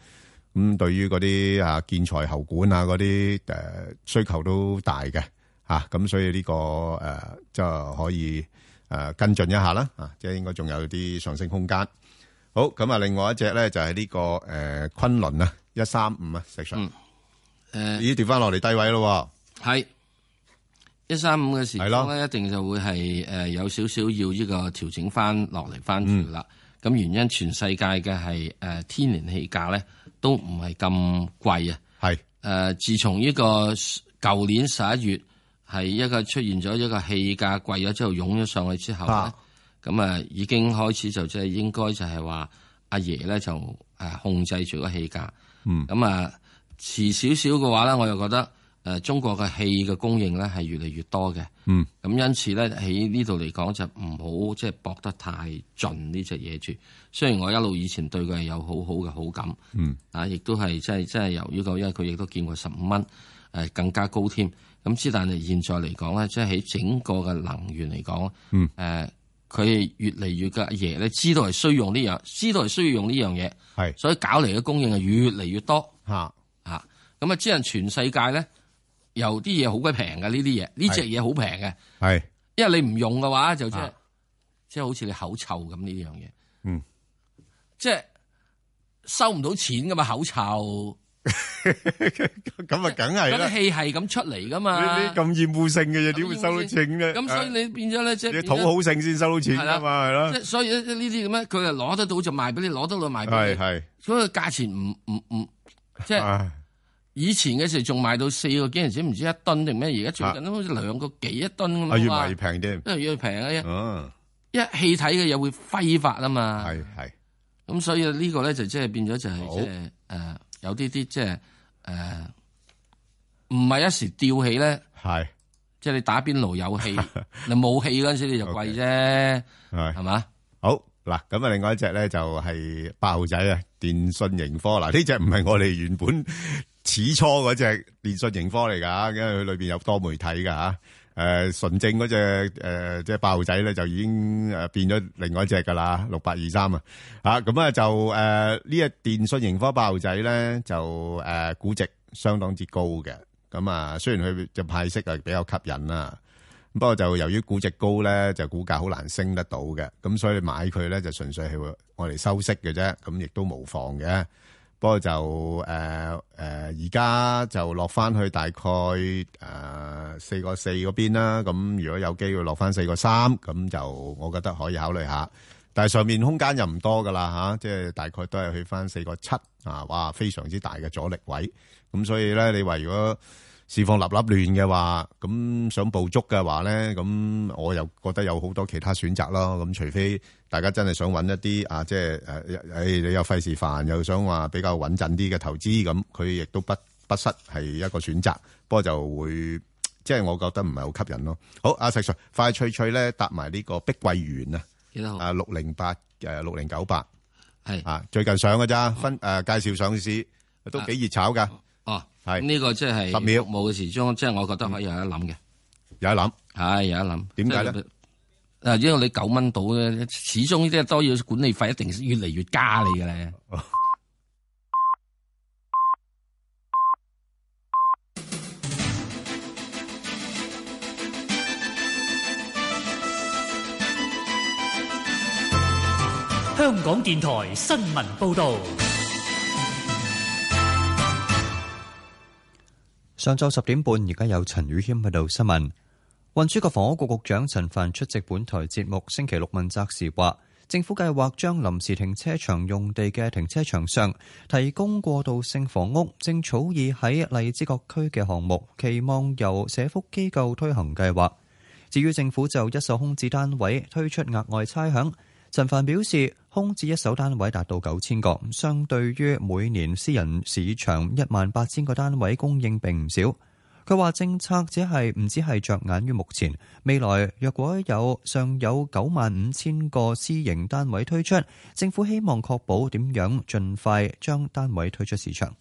咁對於嗰啲啊建材、喉管啊嗰啲誒需求都大嘅吓，咁、啊、所以呢、呢個誒、啊、就可以誒、啊、跟進一下啦。即、啊、係應該仲有啲上升空間。好咁啊！另外一隻咧就係、是、呢、這個誒昆侖啊，一三五啊，石上，誒，已經掉翻落嚟低位咯。係一三五嘅時呢，係咯，一定就會係誒、呃、有少少要呢個調整翻落嚟翻住啦。咁、嗯、原因，全世界嘅係誒天然氣價咧都唔係咁貴啊。係誒、呃，自從呢個舊年十一月係一個出現咗一個氣價貴咗之後，湧咗上去之後咁、嗯、啊、嗯，已經開始就即、是、係應該就係話阿爺咧就誒控制住個氣價，咁、嗯、啊、嗯、遲少少嘅話咧，我又覺得誒、呃、中國嘅氣嘅供應咧係越嚟越多嘅，咁、嗯、因此咧喺呢度嚟講就唔好即係博得太盡呢隻嘢住。雖然我一路以前對佢係有好好嘅好感，啊、嗯，亦都係即係即係由於個，因為佢亦都見過十五蚊誒更加高添。咁之但係現在嚟講咧，即係喺整個嘅能源嚟講，誒、嗯。呃佢越嚟越嘅阿爺咧，知道係需要用呢樣，知道係需要用呢樣嘢，係，所以搞嚟嘅供應係越嚟越多，吓吓，咁啊！知人、啊、全世界咧，有啲嘢好鬼平嘅呢啲嘢，呢隻嘢好平嘅，係是，是因為你唔用嘅話就即、就、係、是，即係、啊、好似你口臭咁呢樣嘢，嗯，即係收唔到錢噶嘛口臭。咁 啊，梗係啦。啲氣係咁出嚟噶嘛？咁厭惡性嘅嘢點會收到錢嘅？咁所以你變咗咧，即係你討好性先收到錢噶嘛？係咯，即所以呢啲咁咧，佢係攞得到就賣俾你，攞得到就賣俾你，係所以價錢唔唔唔，即係以前嘅時仲賣到四個幾銀紙，唔知一噸定咩？而家最近都好似兩個幾一噸咁啊，越賣越平啲，因為越平啊，一氣體嘅嘢會揮發啊嘛，係係。咁所以呢個咧就即係變咗就係即係誒。有啲啲即係誒，唔、呃、係一時吊起咧，係即係你打邊爐有氣， 你冇氣嗰陣時你就貴啫，係、okay. 嘛？好嗱，咁啊，另外一隻咧就係八號仔啊，電訊盈科嗱，呢隻唔係我哋原本始初嗰隻電訊盈科嚟噶，因為佢裏邊有多媒體噶吓。誒、呃，純正嗰隻誒，即係八號仔咧，就已經誒變咗另外一隻噶啦，六百二三啊。咁啊,啊，就誒呢、呃、一電信盈科八號仔咧，就誒、呃、估值相當之高嘅。咁啊，雖然佢就派息啊比較吸引啦，不過就由於估值高咧，就股價好難升得到嘅。咁所以買佢咧就純粹係我嚟收息嘅啫，咁亦都無妨嘅。不過就誒誒，而家就落翻去大概誒四個四嗰邊啦。咁如果有機會落翻四個三，咁就我覺得可以考慮下。但係上面空間又唔多噶啦嚇，即係大概都係去翻四個七啊！哇，非常之大嘅阻力位。咁所以咧，你話如果～市況立立亂嘅話，咁想捕捉嘅話咧，咁我又覺得有好多其他選擇咯。咁除非大家真係想揾一啲啊，即係誒，誒、哎、你又費事煩，又想話比較穩陣啲嘅投資，咁佢亦都不不失係一個選擇。不過就會即係、就是、我覺得唔係好吸引咯。好，阿石 Sir，快脆脆咧搭埋呢個碧桂園啊，啊？六零八誒，六零九八係啊，最近上嘅咋、嗯、分誒、啊？介紹上市都幾熱炒㗎。啊係呢個即係十秒冇嘅時鐘，即係我覺得我又有得諗嘅，有得諗，係有得諗。點解咧？啊，因為你九蚊到咧，始終呢啲都要管理費，一定越嚟越加你嘅咧。香港電台新聞報道。上晝十點半，而家有陳宇軒喺度新聞。運輸及房屋局局長陳帆出席本台節目，星期六問責時話，政府計劃將臨時停車場用地嘅停車場上提供過渡性房屋，正草擬喺荔枝角區嘅項目，期望由社福機構推行計劃。至於政府就一手空置單位推出額外差餉。陳凡表示，空置一手單位達到九千個，相對於每年私人市場一萬八千個單位供應並唔少。佢話政策只係唔止係着眼於目前，未來若果有尚有九萬五千個私營單位推出，政府希望確保點樣盡快將單位推出市場。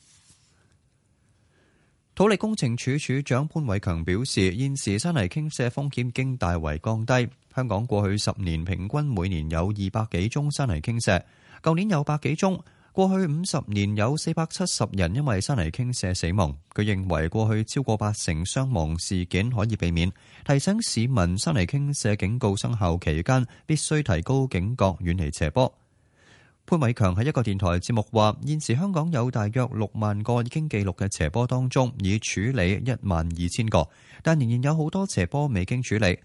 土力工程處處長潘偉強表示，現時山泥傾瀉風險經大為降低。香港過去十年平均每年有二百幾宗山泥傾瀉，舊年有百幾宗。過去五十年有四百七十人因為山泥傾瀉死亡。佢認為過去超過八成傷亡事件可以避免，提醒市民山泥傾瀉警告生效期間必須提高警覺，遠離斜坡。潘偉強喺一個電台節目話：現時香港有大約六萬個已經記錄嘅斜坡，當中已處理一萬二千個，但仍然有好多斜坡未經處理。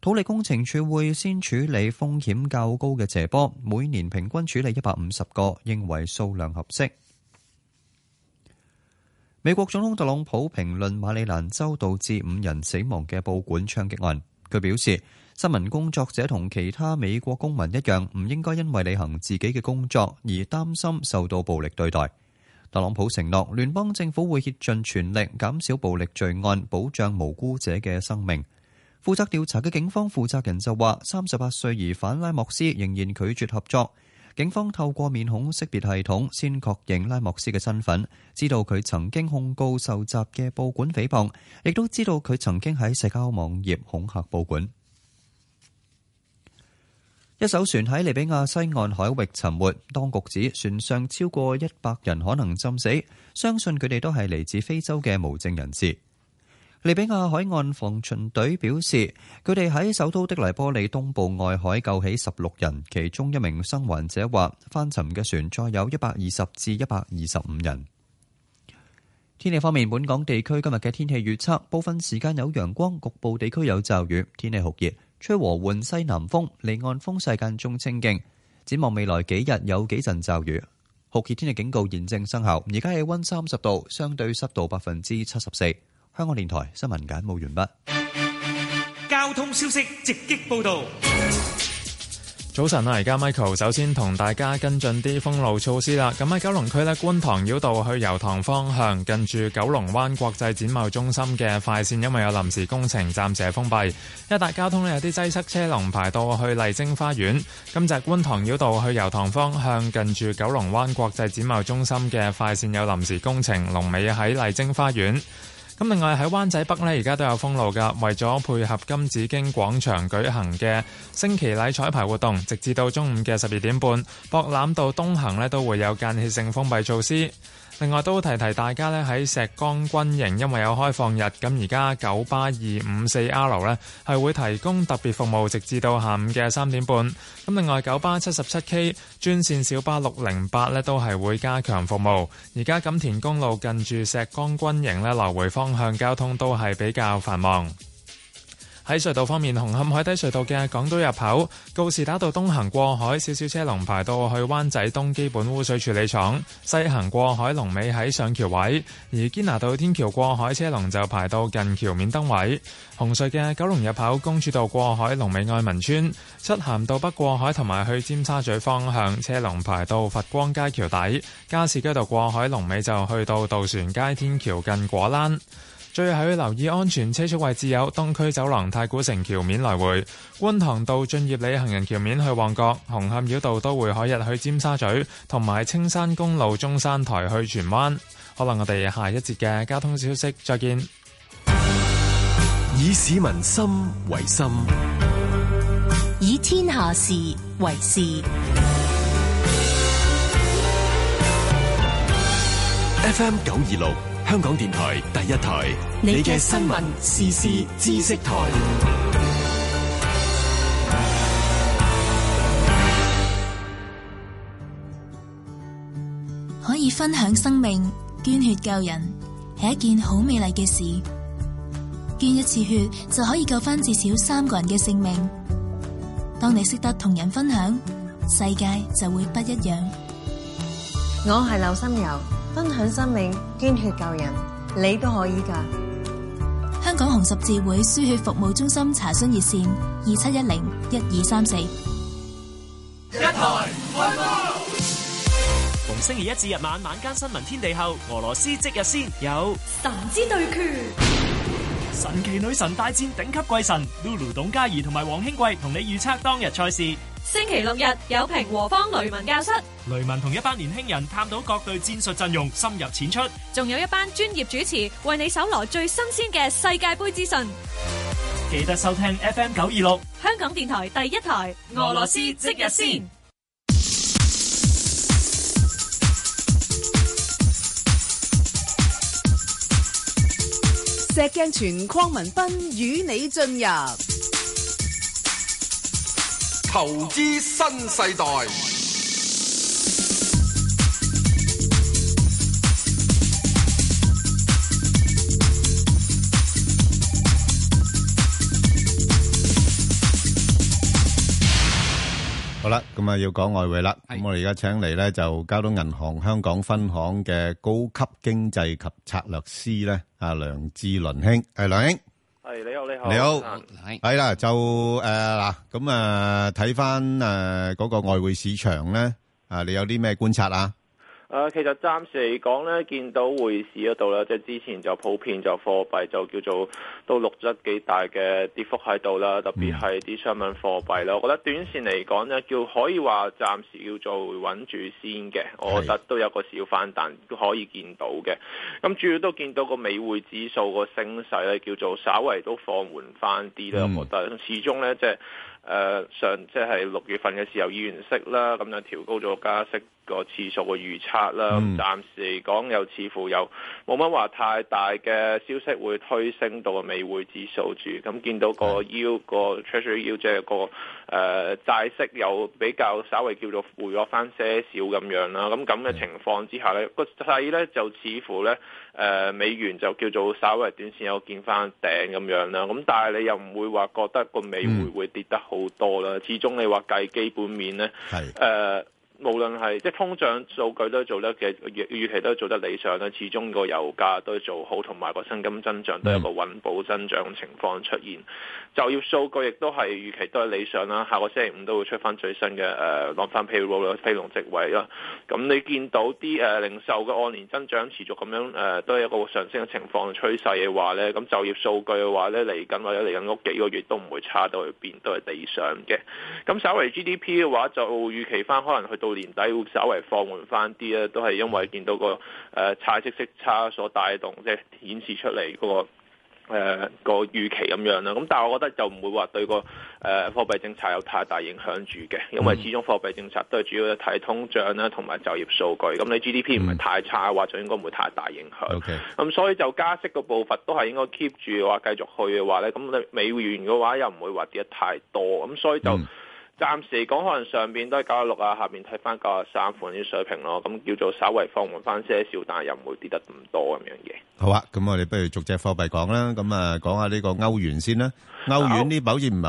土力工程處會先處理風險較高嘅斜坡，每年平均處理一百五十個，認為數量合適。美國總統特朗普評論馬里蘭州導致五人死亡嘅報館槍擊案，佢表示：新聞工作者同其他美國公民一樣，唔應該因為履行自己嘅工作而擔心受到暴力對待。特朗普承諾，聯邦政府會竭盡全力減少暴力罪案，保障無辜者嘅生命。負責調查嘅警方負責人就話，三十八歲疑犯拉莫斯仍然拒絕合作。警方透過面孔識別系統先確認拉莫斯嘅身份，知道佢曾經控告受襲嘅報館誹謗，亦都知道佢曾經喺社交網頁恐嚇報館。一艘船喺利比亞西岸海域沉沒，當局指船上超過一百人可能浸死，相信佢哋都係嚟自非洲嘅無證人士。利比亞海岸防巡隊表示，佢哋喺首都的黎波里東部外海救起十六人，其中一名生還者話，翻沉嘅船載有一百二十至一百二十五人。天氣方面，本港地區今日嘅天氣預測，部分時間有陽光，局部地區有驟雨，天氣酷熱，吹和緩西南風，離岸風勢間中清勁。展望未來幾日有幾陣驟雨，酷熱天氣警告現正生效。而家氣溫三十度，相對濕度百分之七十四。香港電台新聞簡報完畢。交通消息直擊報道。早晨啊，而家 Michael 首先同大家跟進啲封路措施啦。咁喺九龍區咧，觀塘繞道去油塘方向近住九龍灣國際展貿中心嘅快線，因為有臨時工程暫時封閉。一帶交通咧有啲擠塞，車龍排到去麗晶花園。今集觀塘繞道去油塘方向近住九龍灣國際展貿中心嘅快線有臨時工程，龍尾喺麗晶花園。咁另外喺灣仔北呢，而家都有封路噶，為咗配合金紫荊廣場舉行嘅升旗禮彩排活動，直至到中午嘅十二點半，博覽道東行呢都會有間歇性封閉措施。另外都提提大家呢，喺石崗軍營，因為有開放日，咁而家九巴 254R 樓呢係會提供特別服務，直至到下午嘅三點半。咁另外九巴 77K 專線小巴608呢都係會加強服務。而家錦田公路近住石崗軍營呢，來回方向交通都係比較繁忙。喺隧道方面，紅磡海底隧道嘅港島入口告士打道東行過海，少少車龍排到去灣仔東基本污水處理廠；西行過海龍尾喺上橋位，而堅拿道天橋過海車龍就排到近橋面燈位。紅隧嘅九龍入口公主道過海龍尾愛民村，漆鹹道北過海同埋去尖沙咀方向車龍排到佛光街橋底；加士居道過海龍尾就去到渡船街天橋近果欄。最後要留意安全車速位置有東區走廊、太古城橋面來回、觀塘道、駿業里行人橋面去旺角、紅磡繞道都會可日去尖沙咀，同埋青山公路中山台去荃灣。可能我哋下一節嘅交通消息再見。以市民心為心，以天下事為事。FM 九二六。香港電台第一台，你嘅新聞時事知識台。可以分享生命，捐血救人係一件好美麗嘅事。捐一次血就可以救翻至少三個人嘅性命。當你識得同人分享，世界就會不一樣。我係劉心柔。分享生命，捐血救人，你都可以噶。香港紅十字會輸血服務中心查詢熱線：二七一零一二三四。一台快樂。逢星期一至日晚晚間新聞天地後，俄羅斯即日先有神之對決，神奇女神大戰頂級貴神。Lulu 董、董嘉怡同埋黃興貴同你預測當日賽事。星期六日有平和方雷文教室，雷文同一班年輕人探討各隊戰術陣容，深入淺出。仲有一班專業主持為你搜羅最新鮮嘅世界杯資訊。記得收聽 FM 九二六，香港電台第一台。俄羅斯即日先。石鏡泉、鄺民彬與你進入。投資新世代。好啦，咁啊要講外匯啦。咁我哋而家請嚟咧就交通銀行香港分行嘅高級經濟及策略師咧，阿梁志倫兄，係梁兄。係你好，你好，你好，係、嗯、啦，就誒嗱，咁啊睇翻誒嗰個外匯市場咧，啊、呃，你有啲咩觀察啊？啊，其實暫時嚟講咧，見到匯市嗰度咧，即係之前就普遍就貨幣就叫做都錄得幾大嘅跌幅喺度啦，特別係啲商品貨幣咯、嗯。我覺得短線嚟講咧，叫可以話暫時叫做穩住先嘅，我覺得都有一個小反彈都可以見到嘅。咁主要都見到個美匯指數個升勢咧，叫做稍微都放緩翻啲啦。我覺得始終咧、呃，即係誒上即係六月份嘅時候，議員息啦，咁樣調高咗加息。個次數嘅預測啦、嗯，暫時嚟講又似乎有冇乜話太大嘅消息會推升到個美匯指數住。咁、嗯、見到個 Yield 個 Treasury Yield 即係、個誒、呃、債息又比較稍微叫做回落翻些少咁樣啦。咁咁嘅情況之下咧，個勢咧就似乎咧誒、呃、美元就叫做稍微短線有見翻頂咁樣啦。咁、嗯、但係你又唔會話覺得個美匯會跌得好多啦、嗯。始終你話計基本面咧誒。無論係即係通脹數據都做得嘅預期都做得理想啦，始終個油價都做好，同埋個薪金增長都有個穩步增長嘅情況出現。Mm. 就業數據亦都係預期都係理想啦，下個星期五都會出翻最新嘅誒攞返 P 勞啦、非農職位啦。咁你見到啲零售嘅按年增長持續咁樣誒、呃、都係一個上升嘅情況趨勢嘅話呢，咁就業數據嘅話呢，嚟緊或者嚟緊屋幾個月都唔會差到去邊，都係理想嘅。咁稍為 GDP 嘅話就預期翻可能去到。到年底會稍微放緩翻啲啊，都係因為見到、個誒、呃、差息息差所帶動，即係顯示出嚟嗰、個誒、呃個預期咁樣啦。咁但係我覺得就唔會話對、個誒、呃、貨幣政策有太大影響住嘅，因為始終貨幣政策都係主要一睇通脹啦，同埋就業數據。咁你 GDP 唔係太差嘅話，就應該唔會太大影響。咁、okay. 嗯、所以就加息個步伐都係應該 keep 住嘅話繼續去嘅話咧，咁你美元嘅話又唔會話跌得太多。咁所以就。嗯暫時嚟講，可能上邊都係九十六啊，下邊睇翻九十三款啲水平咯，咁叫做稍微放緩翻些少，但係又唔會跌得咁多咁樣嘢。好啊，咁我哋不如逐隻貨幣講啦，咁啊講下呢個歐元先啦。歐元呢、啊，好似唔係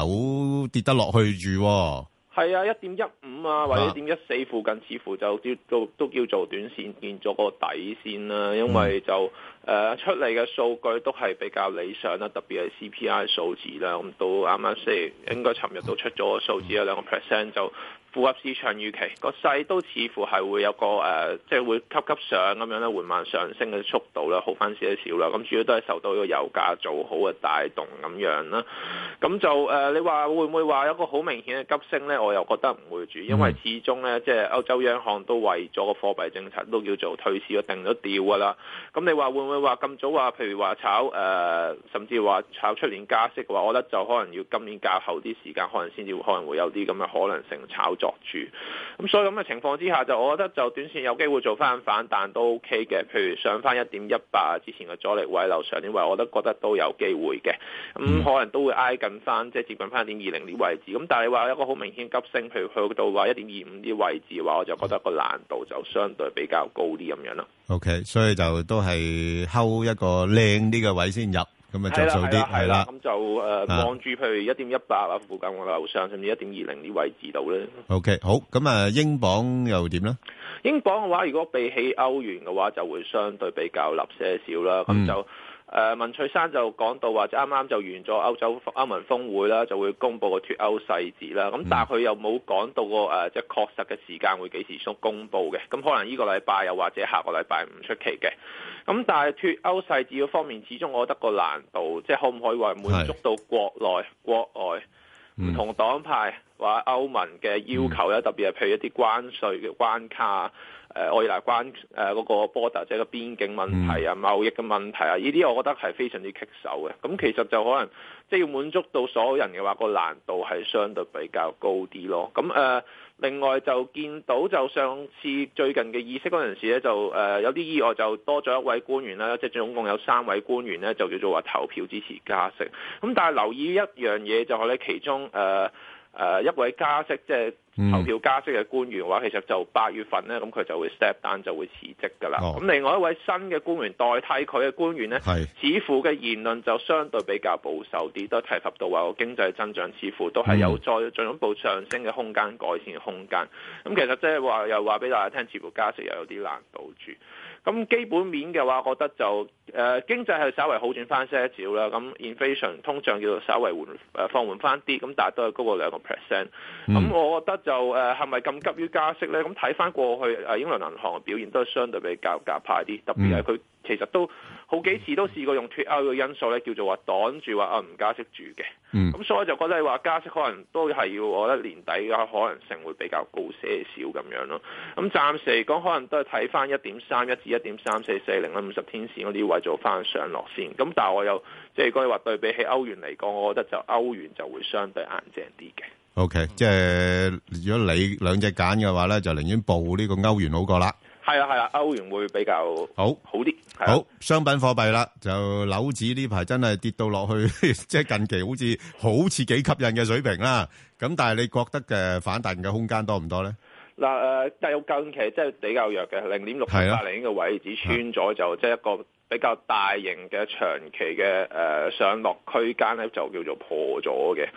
好跌得落去住。係啊，一點一五啊，或者一點一四附近，似乎就叫都都叫做短線見咗個底線啦、啊，因為就。嗯誒出嚟嘅數據都係比較理想啦，特別係 CPI 數字啦，咁到啱啱四，應該尋日都出咗數字，有兩個 percent 就。符合市場預期，個勢都似乎係會有個誒、呃，即係會急急上咁樣咧，緩慢上升嘅速度咧，好翻少少啦。咁主要都係受到呢個油價做好嘅帶動咁樣啦。咁就誒、呃，你話會唔會話有個好明顯嘅急升咧？我又覺得唔會住，因為始終咧，即係歐洲央行都為咗個貨幣政策都叫做退市咗定咗調噶啦。咁你話會唔會話咁早話，譬如話炒誒、呃，甚至話炒出年加息嘅話，我覺得就可能要今年較後啲時間，可能先至可能會有啲咁嘅可能性炒作。.住咁，所以咁嘅情況之下，就我覺得就短線有機會做翻反彈，但都 OK 嘅。譬如上翻一點一八之前嘅阻力位，樓上啲位，我都覺得都有機會嘅。咁、嗯嗯、可能都會挨緊翻，即係接近翻一點二零啲位置。咁但係你話一個好明顯急升，譬如去到話一點二五啲位置嘅話，我就覺得個難度就相對比較高啲咁樣咯。OK，所以就都係睺一個靚啲嘅位先入。咁咪再做啲，係啦，咁就誒，望住譬如一點一八啊，附近或樓上甚至一點二零呢位置度咧。OK，好，咁啊，英鎊又點咧？英鎊嘅話，如果比起歐元嘅話，就會相對比較立些少啦。咁就。誒、呃、文翠珊就講到或者啱啱就完咗歐洲歐盟峰會啦，就會公布個脱歐細節啦。咁但係佢又冇講到個、呃、即係確實嘅時間會幾時公佈嘅。咁可能呢個禮拜又或者下個禮拜唔出奇嘅。咁但係脱歐細節方面，始終我覺得個難度，即係可唔可以話滿足到國內、國外唔同黨派或者歐盟嘅要求咧？特別係譬如一啲關稅嘅關卡。誒愛爾蘭誒嗰、呃嗰個 border 即係邊境問題啊，貿易嘅問題啊，呢啲我覺得係非常之棘手嘅。咁其實就可能即係要滿足到所有人嘅話，個難度係相對比較高啲咯。咁誒、呃，另外就見到就上次最近嘅議息嗰陣時咧，就誒、呃、有啲意外就多咗一位官員啦，即係總共有三位官員咧就叫做話投票支持加息。咁但係留意一樣嘢就係咧，其中誒、呃誒、uh, 一位加息即係投票加息嘅官員嘅話、嗯，其實就八月份呢，咁佢就會 step down 就會辭職噶啦。咁、哦、另外一位新嘅官員代替佢嘅官員呢，似乎嘅言論就相對比較保守啲，都提及到話個經濟增長似乎都係有再進一步上升嘅空間、改善嘅空間。咁其實即係話又話俾大家聽，似乎加息又有啲難度住。咁基本面嘅話，我覺得就。誒、uh, 經濟係稍為好轉翻些少啦，咁 inflation 通脹叫做稍為緩誒放緩翻啲，咁但係都係高過兩個 percent。咁、嗯、我覺得就誒係咪咁急於加息咧？咁睇翻過去誒英倫銀行嘅表現都係相對比較夾派啲，特別係佢其實都好幾次都試過用脫歐嘅因素咧叫做話擋住話啊唔加息住嘅。咁、嗯、所以就覺得你話加息可能都係要我覺得年底嘅可能性會比較高些少咁樣咯。咁暫時嚟講可能都係睇翻一點三一至一點三四四零啦，五十天線嗰啲位。做翻上落先，咁但係我又即係，如果你話對比起歐元嚟講，我覺得就歐元就會相對硬淨啲嘅。O、okay, K，、嗯、即係如果你兩隻揀嘅話咧，就寧願報呢個歐元好過啦。係啊係啊，歐、啊、元會比較好一點好啲、啊。好，商品貨幣啦，就紐指呢排真係跌到落去，即 係近期好似好似幾吸引嘅水平啦。咁但係你覺得嘅反彈嘅空間多唔多咧？嗱、啊、誒、呃，但係近期即係比較弱嘅零點六零八零嘅位置穿咗、啊，就即、是、係一個。比較大型嘅長期嘅誒、呃、上落區間咧，就叫做破咗嘅。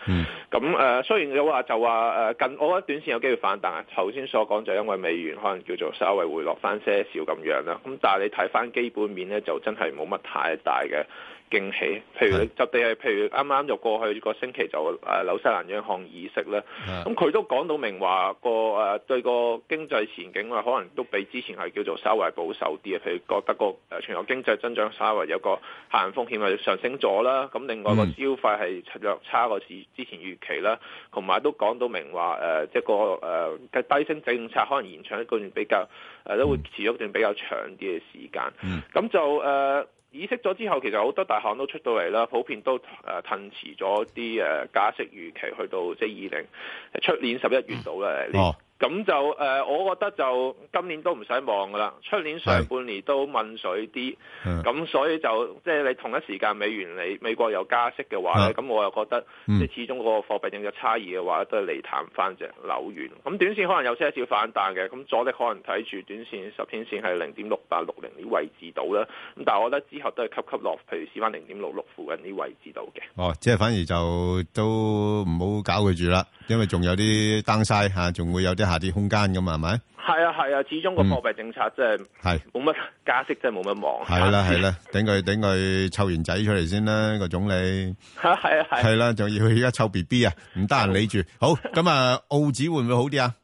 咁、mm. 誒、呃，雖然你話就話誒近我覺得短線有機會反彈，但係頭先所講就因為美元可能叫做稍微回落翻些少咁樣啦。咁但係你睇翻基本面咧，就真係冇乜太大嘅驚喜，譬如你，就地係譬如啱啱就過去個星期就誒紐、呃、西蘭央行議息啦，咁佢都講到明話個誒、呃、對個經濟前景啊，可能都比之前係叫做稍微保守啲啊。譬如覺得個、呃、全球經濟增長稍微有個下行風險啊上升咗啦，咁另外個消費係略差過之前預期啦，同埋都講到明話誒、呃、即係個誒、呃、低息政策可能延長一個月比較誒、呃、都會持續一段比較長啲嘅時間。咁就誒議息咗之後，其實好多大行都出到嚟啦，普遍都誒褪遲咗啲誒加息預期去到即係二零出年十一月度咧，嗯哦。咁就誒、呃，我覺得就今年都唔使望噶啦，出年上半年都問水啲，咁所以就即係、就是、你同一時間美元你美國有加息嘅話咧，咁我又覺得即係、嗯、始終嗰個貨幣印差異嘅話都係嚟談翻隻樓元。咁短線可能有少少反彈嘅，咁阻力可能睇住短線十天線係零點六八六零呢位置度啦。咁但係我覺得之後都係吸吸落，譬如試翻零點六六附近呢位置度嘅。哦，即係反而就都唔好搞佢住啦，因為仲有啲 d 晒 w 仲會有啲。下跌空間咁嘛，係咪？係啊，係啊，始終個貨幣政策即係係冇乜加息，係啊係啊係啊、加息真係冇乜望。係啦、啊，係啦、啊，等佢等佢湊完仔出嚟先啦，個總理。係啊，係。係啦，仲要而家湊 B B 啊，唔得閒理住。好咁啊，澳紙會唔會好啲啊？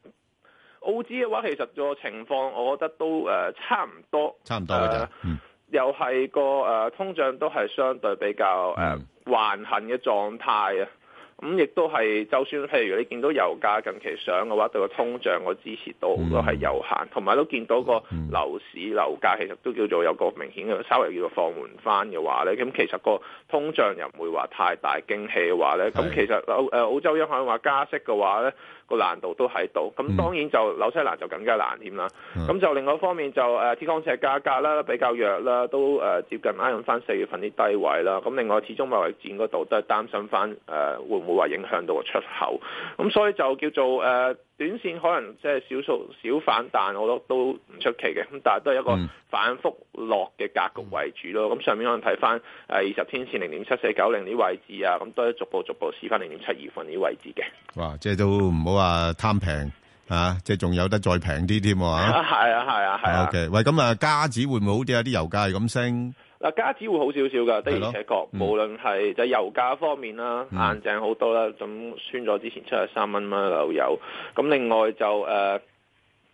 澳紙嘅話，其實個情況我覺得都誒差唔多，差唔多嘅咋，呃嗯。又係個誒、啊、通脹都係相對比較誒緩行嘅狀態啊。嗯咁亦都係，就算譬如你見到油價近期上嘅話，對個通脹我支持都好多係有限，同埋都見到個樓市樓價其實都叫做有個明顯嘅稍微叫做放緩返嘅話咧，咁其實個通脹又唔會話太大驚喜嘅話咧，咁其實澳誒澳洲央行話加息嘅話咧。個難度都喺度，咁當然就紐西蘭就更加難添啦。咁就另外一方面就誒，鐵礦石價格啦比較弱啦，都誒接近啱啱翻四月份啲低位啦。咁另外始終貿易戰嗰度都係擔心翻誒、呃，會唔會話影響到個出口？咁所以就叫做誒。呃短線可能即係少數小反彈，我都都唔出奇嘅。咁但係都係一個反覆落嘅格局為主咯。咁、嗯、上面可能睇翻係二十天線零點七四九零呢啲位置啊，咁都係逐步逐步試翻零點七二分呢啲位置嘅。哇！即係都唔好話貪平嚇、啊，即係仲有得再平啲添喎啊，係啊，係啊，係啊。啊、o、okay. K，喂，咁啊，家子會唔會好啲啊？啲油價係咁升。嗱，加息會好少少噶，的而且確是，無論係、嗯、就係、是、油價方面啦、嗯，硬淨好多啦，咁穿咗之前七十三蚊蚊油。咁另外就誒、呃、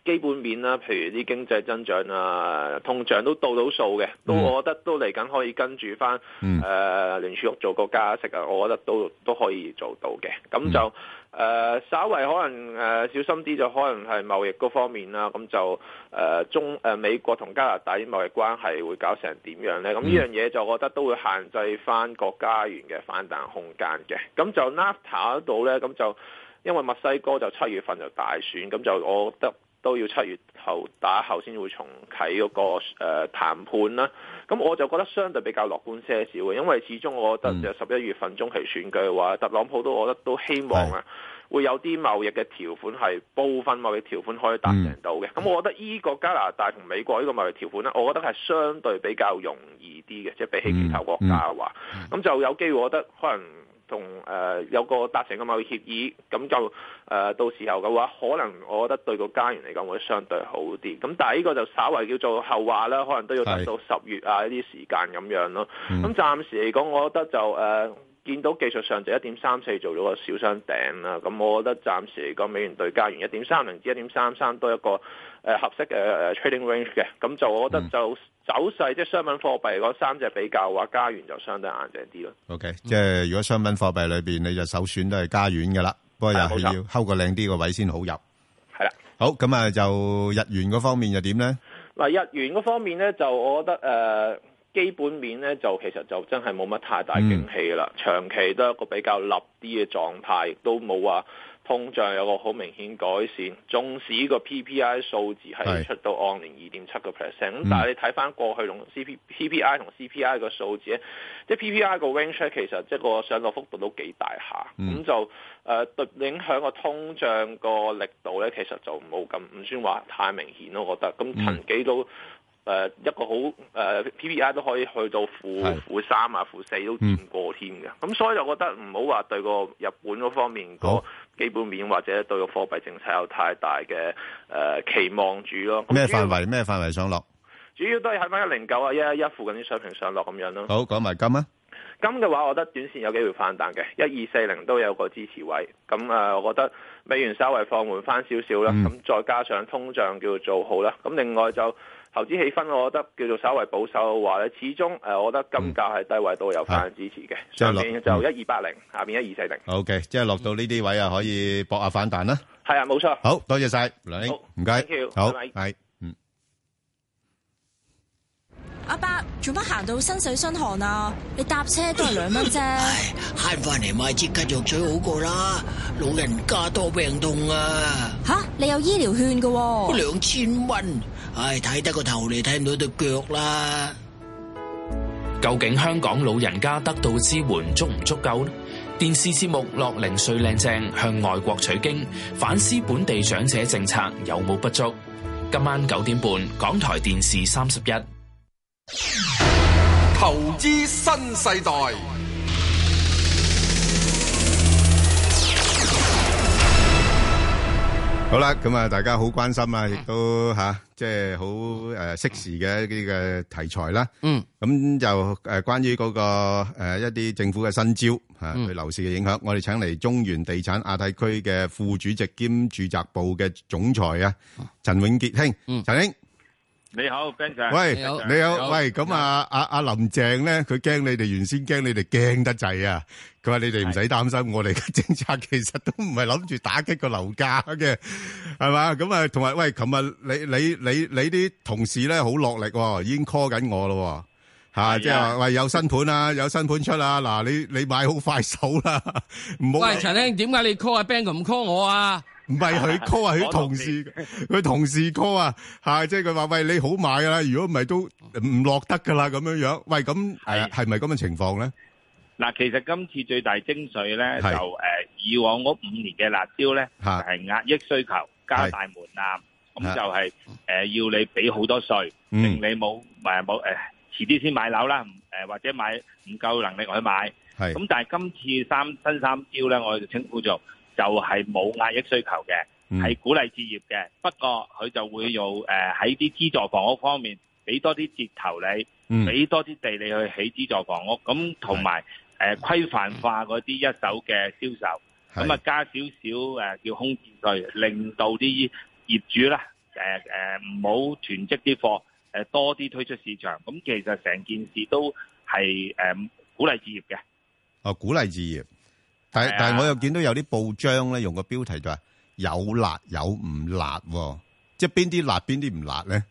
基本面啦，譬如啲經濟增長啊，通脹都到到數嘅、嗯，都我覺得都嚟緊可以跟住翻誒聯儲局做個加息啊，我覺得都都可以做到嘅，咁就。嗯誒、呃、稍為可能誒、呃、小心啲就可能係貿易嗰方面啦，咁就誒、呃、中、呃、美國同加拿大貿易關係會搞成點樣咧？咁呢樣嘢就我覺得都會限制翻國家元嘅反彈空間嘅。咁就 NAFTA 度咧，咁就因為墨西哥就七月份就大選，咁就我覺得。都要七月頭打後先會重啟嗰、那個、呃、談判啦。咁我就覺得相對比較樂觀些少嘅，因為始終我覺得就十一月份中期選舉嘅話，特朗普都我覺得都希望啊，會有啲貿易嘅條款係部分貿易條款可以達成到嘅。咁、嗯、我覺得呢個加拿大同美國呢個貿易條款呢，我覺得係相對比較容易啲嘅，即係比起其他國家嘅話，咁、嗯嗯、就有機會我覺得可能。同誒、呃、有個達成某個買賣協議，咁就誒、呃、到時候嘅話，可能我覺得對個加元嚟講會相對好啲。咁但係呢個就稍為叫做後話啦，可能都要等到十月啊呢啲時間咁樣咯。咁暫時嚟講，我覺得就誒、呃、見到技術上就一點三四做咗個小商頂啦。咁我覺得暫時嚟講，美元對加元一點三零至一點三三都係一個、呃、合適嘅 trading range 嘅。咁就我覺得就。嗯走勢即係商品貨幣嗰三隻比較嘅話，加元就相對硬淨啲咯。OK，即係如果商品貨幣裏邊，你就首選都係加元㗎啦。不過又係要睺個靚啲個位先好入。係啦，好咁啊，就日元嗰方面又點咧？嗱，日元嗰方面咧，就我覺得誒、呃、基本面咧，就其實就真係冇乜太大驚喜㗎啦、嗯。長期都係一個比較立啲嘅狀態，都冇話。通脹有個好明顯改善，縱使個 PPI 數字係出到按年二點七個 percent，咁但係你睇返過去同 C P PPI 同 CPI 個數字咧，即係 PPI 個 range check 其實即係個上落幅度都幾大下，咁、嗯、就誒對、呃、影響個通脹個力度咧，其實就冇咁唔算話太明顯咯，我覺得咁曾幾都誒、嗯呃、一個好誒、呃、PPI 都可以去到負負三啊負四都見過添嘅，咁、嗯、所以就覺得唔好話對個日本嗰方面個。基本面或者對個貨幣政策有太大嘅誒、呃、期望住咯。咩範圍？咩範圍上落？主要都係喺翻一零九啊、一一一附近啲水平上落咁樣咯。好，講埋金啦。金嘅話，我覺得短線有機會反彈嘅，一二四零都有個支持位。咁誒，我覺得美元稍微放緩翻少少啦。咁、嗯、再加上通脹叫做做好啦。咁另外就。投資氣氛，我覺得叫做稍微保守話咧，始終誒，我覺得金價係低位都有反彈支持嘅。上邊就一二八零，下面一二四零。OK，即係落到呢啲位啊、嗯，可以搏下反彈啦。係啊，冇錯。好多謝晒梁英，唔該。You, 好係，嗯。阿伯，做乜行到身水身汗啊？你搭車都係兩蚊啫。慳翻嚟買支吉肉最好過啦，老人家多病痛啊。吓，你有醫療券㗎喎？兩千蚊。唉，睇得個頭，你睇唔到對腳啦。究竟香港老人家得到支援足唔足夠呢？電視節目《樂齡最靚正》向外國取經，反思本地長者政策有冇不足？今晚九點半，港台電視三十一。投資新世代。好啦，咁啊，大家好關心啊，亦都吓，即係好誒適時嘅一啲嘅題材啦。嗯，咁就誒關於嗰個誒一啲政府嘅新招吓，對樓市嘅影響，我哋請嚟中原地產亞太區嘅副主席兼住宅部嘅總裁啊陳永傑兄。嗯，陳兄。你好，Ben 仔。喂，你好，啊啊啊、你好，喂，咁啊，阿阿林鄭咧，佢驚你哋，原先驚你哋驚得滯啊！佢話你哋唔使擔心，我哋嘅政策其實都唔係諗住打擊個樓價嘅，係嘛？咁啊，同埋，喂，琴日你你你你啲同事咧好落力，已經 call 緊我咯，吓、啊，即係話喂有新盤啊，有新盤出啦，嗱，你你買好快手啦，唔好。喂，陳兄，點解你 call 阿 Ben 唔 call 我啊？唔係佢 call 係佢同事。佢同事 call 啊，吓，即係佢話喂，你好買啦，如果唔係都唔落得噶啦，咁樣樣。喂，咁係係咪咁嘅情況咧？嗱，其實今次最大精髓咧就誒，以往嗰五年嘅辣椒咧，係壓抑需求，加大門檻，咁就係誒要你俾好多稅，令你冇誒冇誒遲啲先買樓啦，誒或者買唔夠能力去買。係咁，但係今次三新三招咧，我稱呼做。就係冇壓抑需求嘅，係、嗯、鼓勵置業嘅。不過佢就會用誒喺啲資助房屋方面俾多啲折頭你，俾、嗯、多啲地你去起資助房屋。咁同埋誒規範化嗰啲一手嘅銷售，咁啊加少少誒、呃、叫空置稅，令到啲業主啦誒誒唔好囤積啲貨，誒、呃、多啲推出市場。咁其實成件事都係誒、呃、鼓勵置業嘅、呃。鼓勵置業。但但係我又見到有啲報章咧，用個標題就係有辣有唔辣，即係邊啲辣邊啲唔辣咧？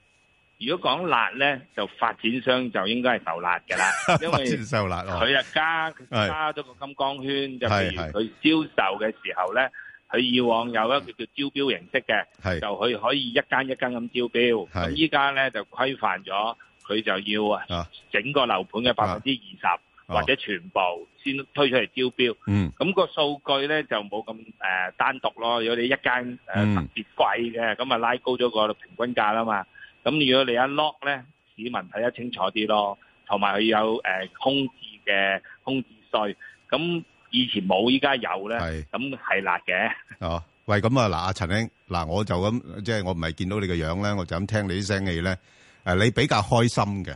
如果講辣咧，就發展商就應該係受辣㗎啦， 因為佢啊加 加咗個金光圈，是就譬如佢銷售嘅時候咧，佢以往有一個叫招標形式嘅，就佢可以一間一間咁招標，咁依家咧就規範咗，佢就要啊整個樓盤嘅百分之二十。或者全部先推出嚟招標，咁個數據咧就冇咁誒單獨咯。如果你一間誒特別貴嘅，咁咪拉高咗個平均價啦嘛。咁如果你一 lock 咧，市民睇得清楚啲咯，同埋佢有誒空置嘅空置稅。咁以前冇，依家有咧，係，咁係辣嘅。哦，喂，咁啊嗱，阿陳兄，嗱，我就咁即係我唔係見到你個樣咧，我就咁聽你啲聲氣咧，誒，你比較開心嘅。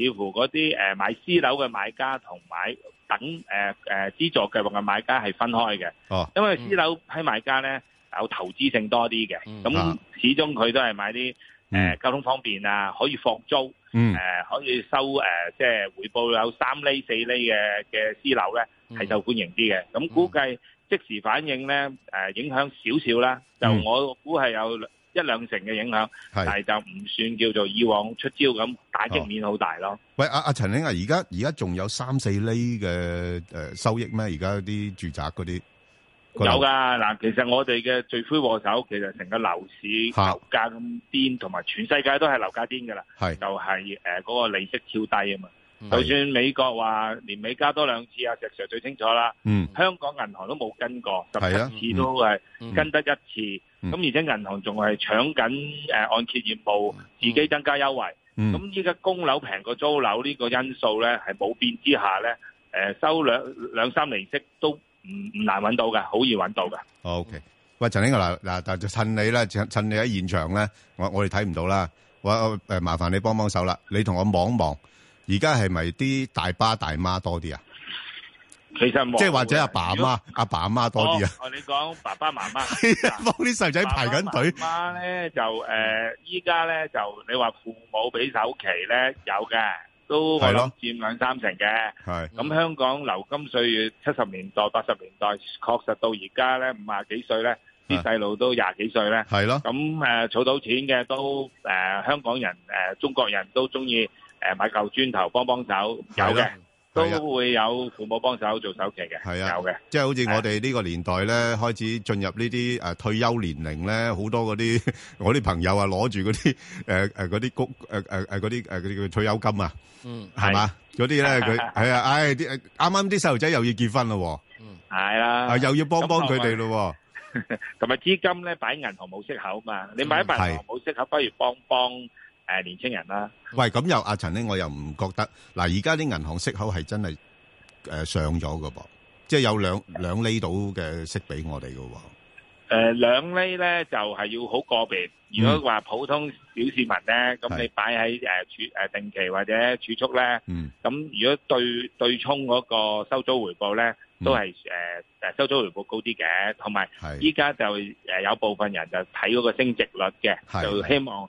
似乎嗰啲誒買私樓嘅買家同買等誒誒資助計劃嘅或者買家係分開嘅，因為私樓喺買家咧有投資性多啲嘅，咁始終佢都係買啲誒交通方便啊，可以放租，誒可以收誒即係回報有三釐四釐嘅嘅私樓咧係受歡迎啲嘅，咁估計即時反應咧誒影響少少啦，就我估係有兩一兩成嘅影響，係就唔算叫做以往出招咁打擊面好大咯、哦。喂，阿阿陳玲啊，而家而家仲有三四厘嘅、呃、收益咩？而家啲住宅嗰啲有噶嗱、那個，其實我哋嘅罪魁禍首其實成個樓市、啊、樓價咁癲，同埋全世界都係樓價癲噶啦。就係、是、嗰、呃那個利息超低啊嘛。就算美國話年尾加多兩次，啊，石 Sir 最清楚啦。嗯，香港銀行都冇跟過，十七次都係跟得一次。咁、嗯、而且銀行仲係搶緊誒按揭業務、嗯、自己增加優惠。咁依家供樓平過租樓呢個因素咧，係冇變之下咧，誒收兩兩三厘息都唔唔難揾到嘅，好易揾到嘅。好 OK，喂，陳先生嗱嗱，就趁你啦，趁趁你喺現場咧，我我哋睇唔到啦，喂誒麻煩你幫幫手啦，你同我望一望，而家係咪啲大巴大媽多啲啊？其實冇即係或者阿爸阿媽阿爸阿媽多啲啊，我你講爸爸媽媽係啊，幫啲細仔排緊隊。媽咧就誒，依家咧就你話父母俾首期咧有嘅，都我諗佔兩三成嘅。係咁香港流金歲月，七十年代八十年代，確實到而家咧五啊幾歲咧，啲細路都廿幾歲咧。係咯，咁誒儲到錢嘅都誒香港人誒中國人都中意誒買嚿磚頭幫幫手有嘅。都會有父母幫手做首期嘅，係啊，有嘅，即係好似我哋呢個年代咧，開始進入呢啲誒退休年齡咧，好多嗰啲我啲朋友啊，攞住嗰啲誒誒嗰啲公誒誒誒嗰啲誒嗰啲退休金啊，嗯，係嘛，嗰啲咧，佢係啊，唉啲啱啱啲細路仔又要結婚咯，嗯，係啦，啊又要幫幫佢哋咯，同埋資金咧擺銀行冇息口嘛，你擺喺銀行冇息口，不如幫幫。誒，年青人啦，喂，咁又阿陳咧，我又唔覺得嗱，而家啲銀行息口係真係誒上咗噶噃，即係有兩兩厘到嘅息俾我哋噶喎。誒，兩厘咧就係要好個別，如果話普通小市民咧，咁你擺喺誒儲誒定期或者儲蓄咧，咁如果對對沖嗰個收租回報咧，都係誒誒收租回報高啲嘅，同埋依家就誒有部分人就睇嗰個升值率嘅，就希望。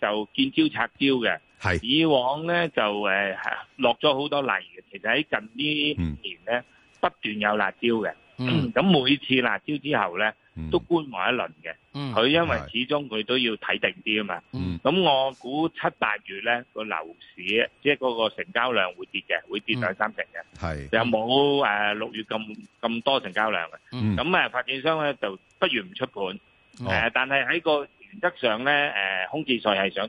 就見招拆招嘅，係以往咧就誒落咗好多例嘅，其實喺近呢五年咧不斷有辣椒嘅，咁、嗯、每次辣椒之後咧、嗯、都觀望一輪嘅，佢、嗯、因為始終佢都要睇定啲啊嘛，咁、嗯、我估七八月咧個樓市即係嗰個成交量會跌嘅，會跌兩三成嘅，係又冇誒六月咁咁多成交量嘅，咁、嗯、啊、呃、發展商咧就不如唔出盤，誒、哦呃、但係喺個。原則上咧，誒空置稅係想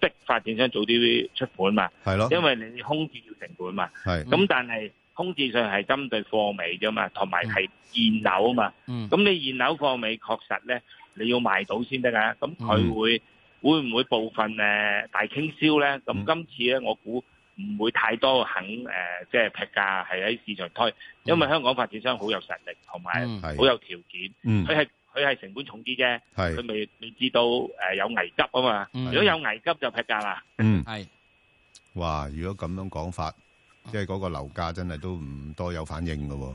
逼發展商早啲出盤嘛，係咯，因為你空置要成本嘛，係。咁但係空置稅係針對貨尾啫嘛，同埋係現樓啊嘛。咁你現樓貨尾確實咧，你要賣到先得㗎。咁佢會會唔會部分誒大傾銷咧？咁今次咧，我估唔會太多肯誒，即係劈價係喺市場推，因為香港發展商好有實力，同埋好有條件，佢係。佢係成本重啲啫，佢未未知道誒有危急啊嘛！如果有危急就劈價啦。嗯，係。哇！如果咁樣講法，即係嗰個樓價真係都唔多有反應噶喎。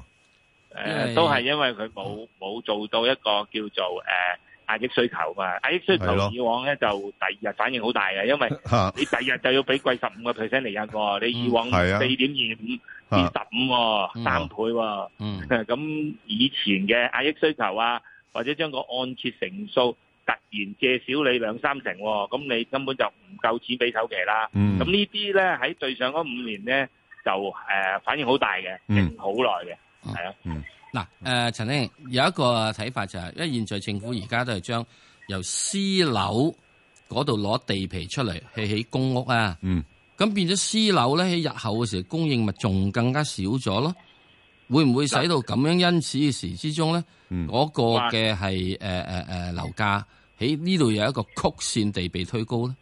誒，都係因為佢冇冇做到一個叫做誒壓抑需求啊嘛！壓抑需求以往咧就第二日反應好大嘅，因為你第二日就要俾貴十五個 percent 嚟一個。你以往係啊四點二五二十五三倍喎。嗯。誒，咁以前嘅壓抑需求啊！或者將個按揭成數突然借少你兩三成喎、哦，咁你根本就唔夠錢俾首期啦。咁、嗯、呢啲咧喺最上嗰五年咧就、呃、反應好大嘅，停好耐嘅，係啊。嗱、嗯、誒、嗯啊呃，陳兄，有一個睇法就係、是，因為現在政府而家都係將由私樓嗰度攞地皮出嚟去起公屋啊。咁、嗯、變咗私樓咧喺日後嘅時候，供應咪仲更加少咗咯。會唔會使到咁樣？因此之之中咧，嗰個嘅係誒誒誒，樓價喺呢度有一個曲線地被推高咧。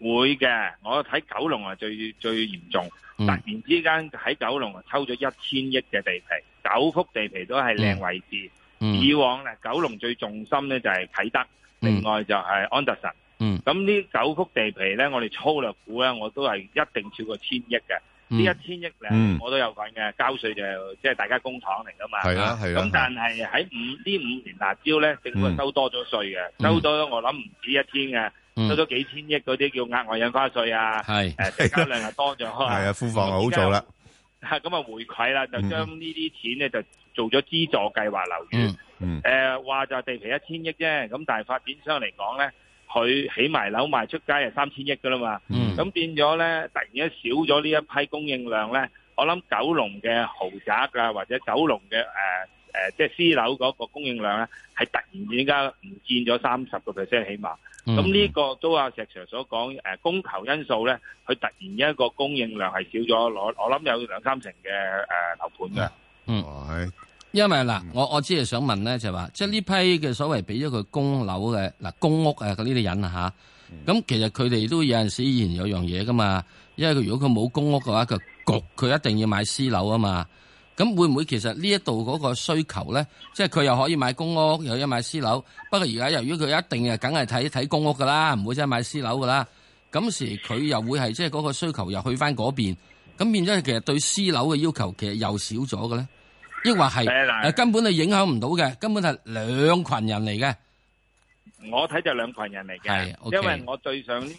會嘅，我睇九龍係最最嚴重，突然之間喺九龍抽咗一千億嘅地皮，九幅地皮都係靚位置。以往咧，九龍最重心咧就係啟德，另外就係安達臣。嗯，咁呢九幅地皮咧，我哋粗略估咧，我都係一定超過千億嘅。呢一千億咧，我都有份嘅，交稅就即係大家公帑嚟噶嘛。係啊係啊。咁但係喺五呢五年辣椒咧，政府收多咗稅嘅，收多咗我諗唔止一千嘅，收咗幾千億嗰啲叫額外印花稅啊，誒成交量又多咗，係啊庫房好做啦。嚇咁啊回饋啦，就將呢啲錢咧就做咗資助計劃留住。嗯嗯。誒話就係地皮一千億啫，咁但係發展商嚟講咧。佢起埋樓賣出街係三千億㗎啦嘛，咁、嗯、變咗咧突然間少咗呢一批供應量咧，我諗九龍嘅豪宅㗎、啊、或者九龍嘅誒誒即係私樓嗰個供應量咧、啊、係突然之間唔見咗三十個 percent 起碼，咁、嗯、呢個都阿石 Sir 所講誒、呃、供求因素咧，佢突然一個供應量係少咗，我我諗有兩三成嘅誒樓盤嘅，嗯。因為嗱，我我只係想問咧，就話、係、即係呢批嘅所謂俾咗佢供樓嘅嗱，公屋啊嗰呢啲人吓，咁、啊、其實佢哋都有陣時依然有樣嘢噶嘛。因為佢如果佢冇公屋嘅話，佢焗，佢一定要買私樓啊嘛。咁會唔會其實呢一度嗰個需求咧，即係佢又可以買公屋，又一買私樓。不過而家由於佢一定啊，梗係睇睇公屋噶啦，唔會真係買私樓噶啦。咁時佢又會係即係嗰個需求又去翻嗰邊，咁變咗其實對私樓嘅要求其實又少咗嘅咧。抑或係，誒根本係影響唔到嘅，根本係兩群人嚟嘅。我睇就兩群人嚟嘅，因為我對上一年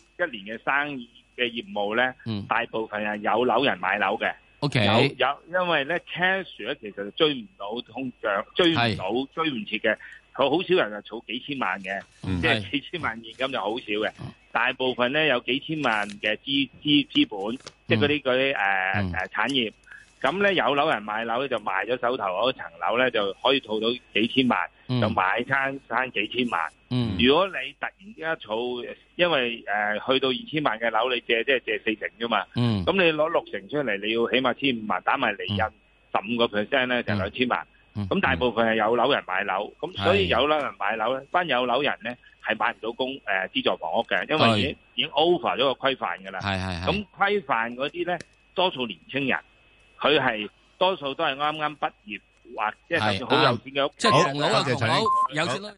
嘅生意嘅業務咧，大部分係有樓人買樓嘅。OK，有有，因為咧 cash 咧其實追唔到通脹，追唔到，追唔切嘅。佢好少人係儲幾千萬嘅，即係幾千萬現金就好少嘅。大部分咧有幾千萬嘅資資資本，即係嗰啲嗰啲誒誒產業。咁咧，有樓人買樓咧，就賣咗手頭嗰層樓咧，就可以套到幾千萬，嗯、就買攤攤幾千萬、嗯。如果你突然之間儲，因為誒、呃、去到二千萬嘅樓，你借即係借四成啫嘛。咁、嗯、你攞六成出嚟，你要起碼千五萬打埋利潤十五個 percent 咧，就兩、是、千萬。咁、嗯、大部分係有樓人買樓，咁、嗯、所以有樓人買樓咧，班有樓人咧係買唔到公誒、呃、資助房屋嘅，因為已經，已經 over 咗個規範㗎啦。咁規範嗰啲咧，多數年青人。佢係多數都係啱啱畢業或者係好有錢嘅屋，即係窮佬啊！好好謝謝同好同好有錢啦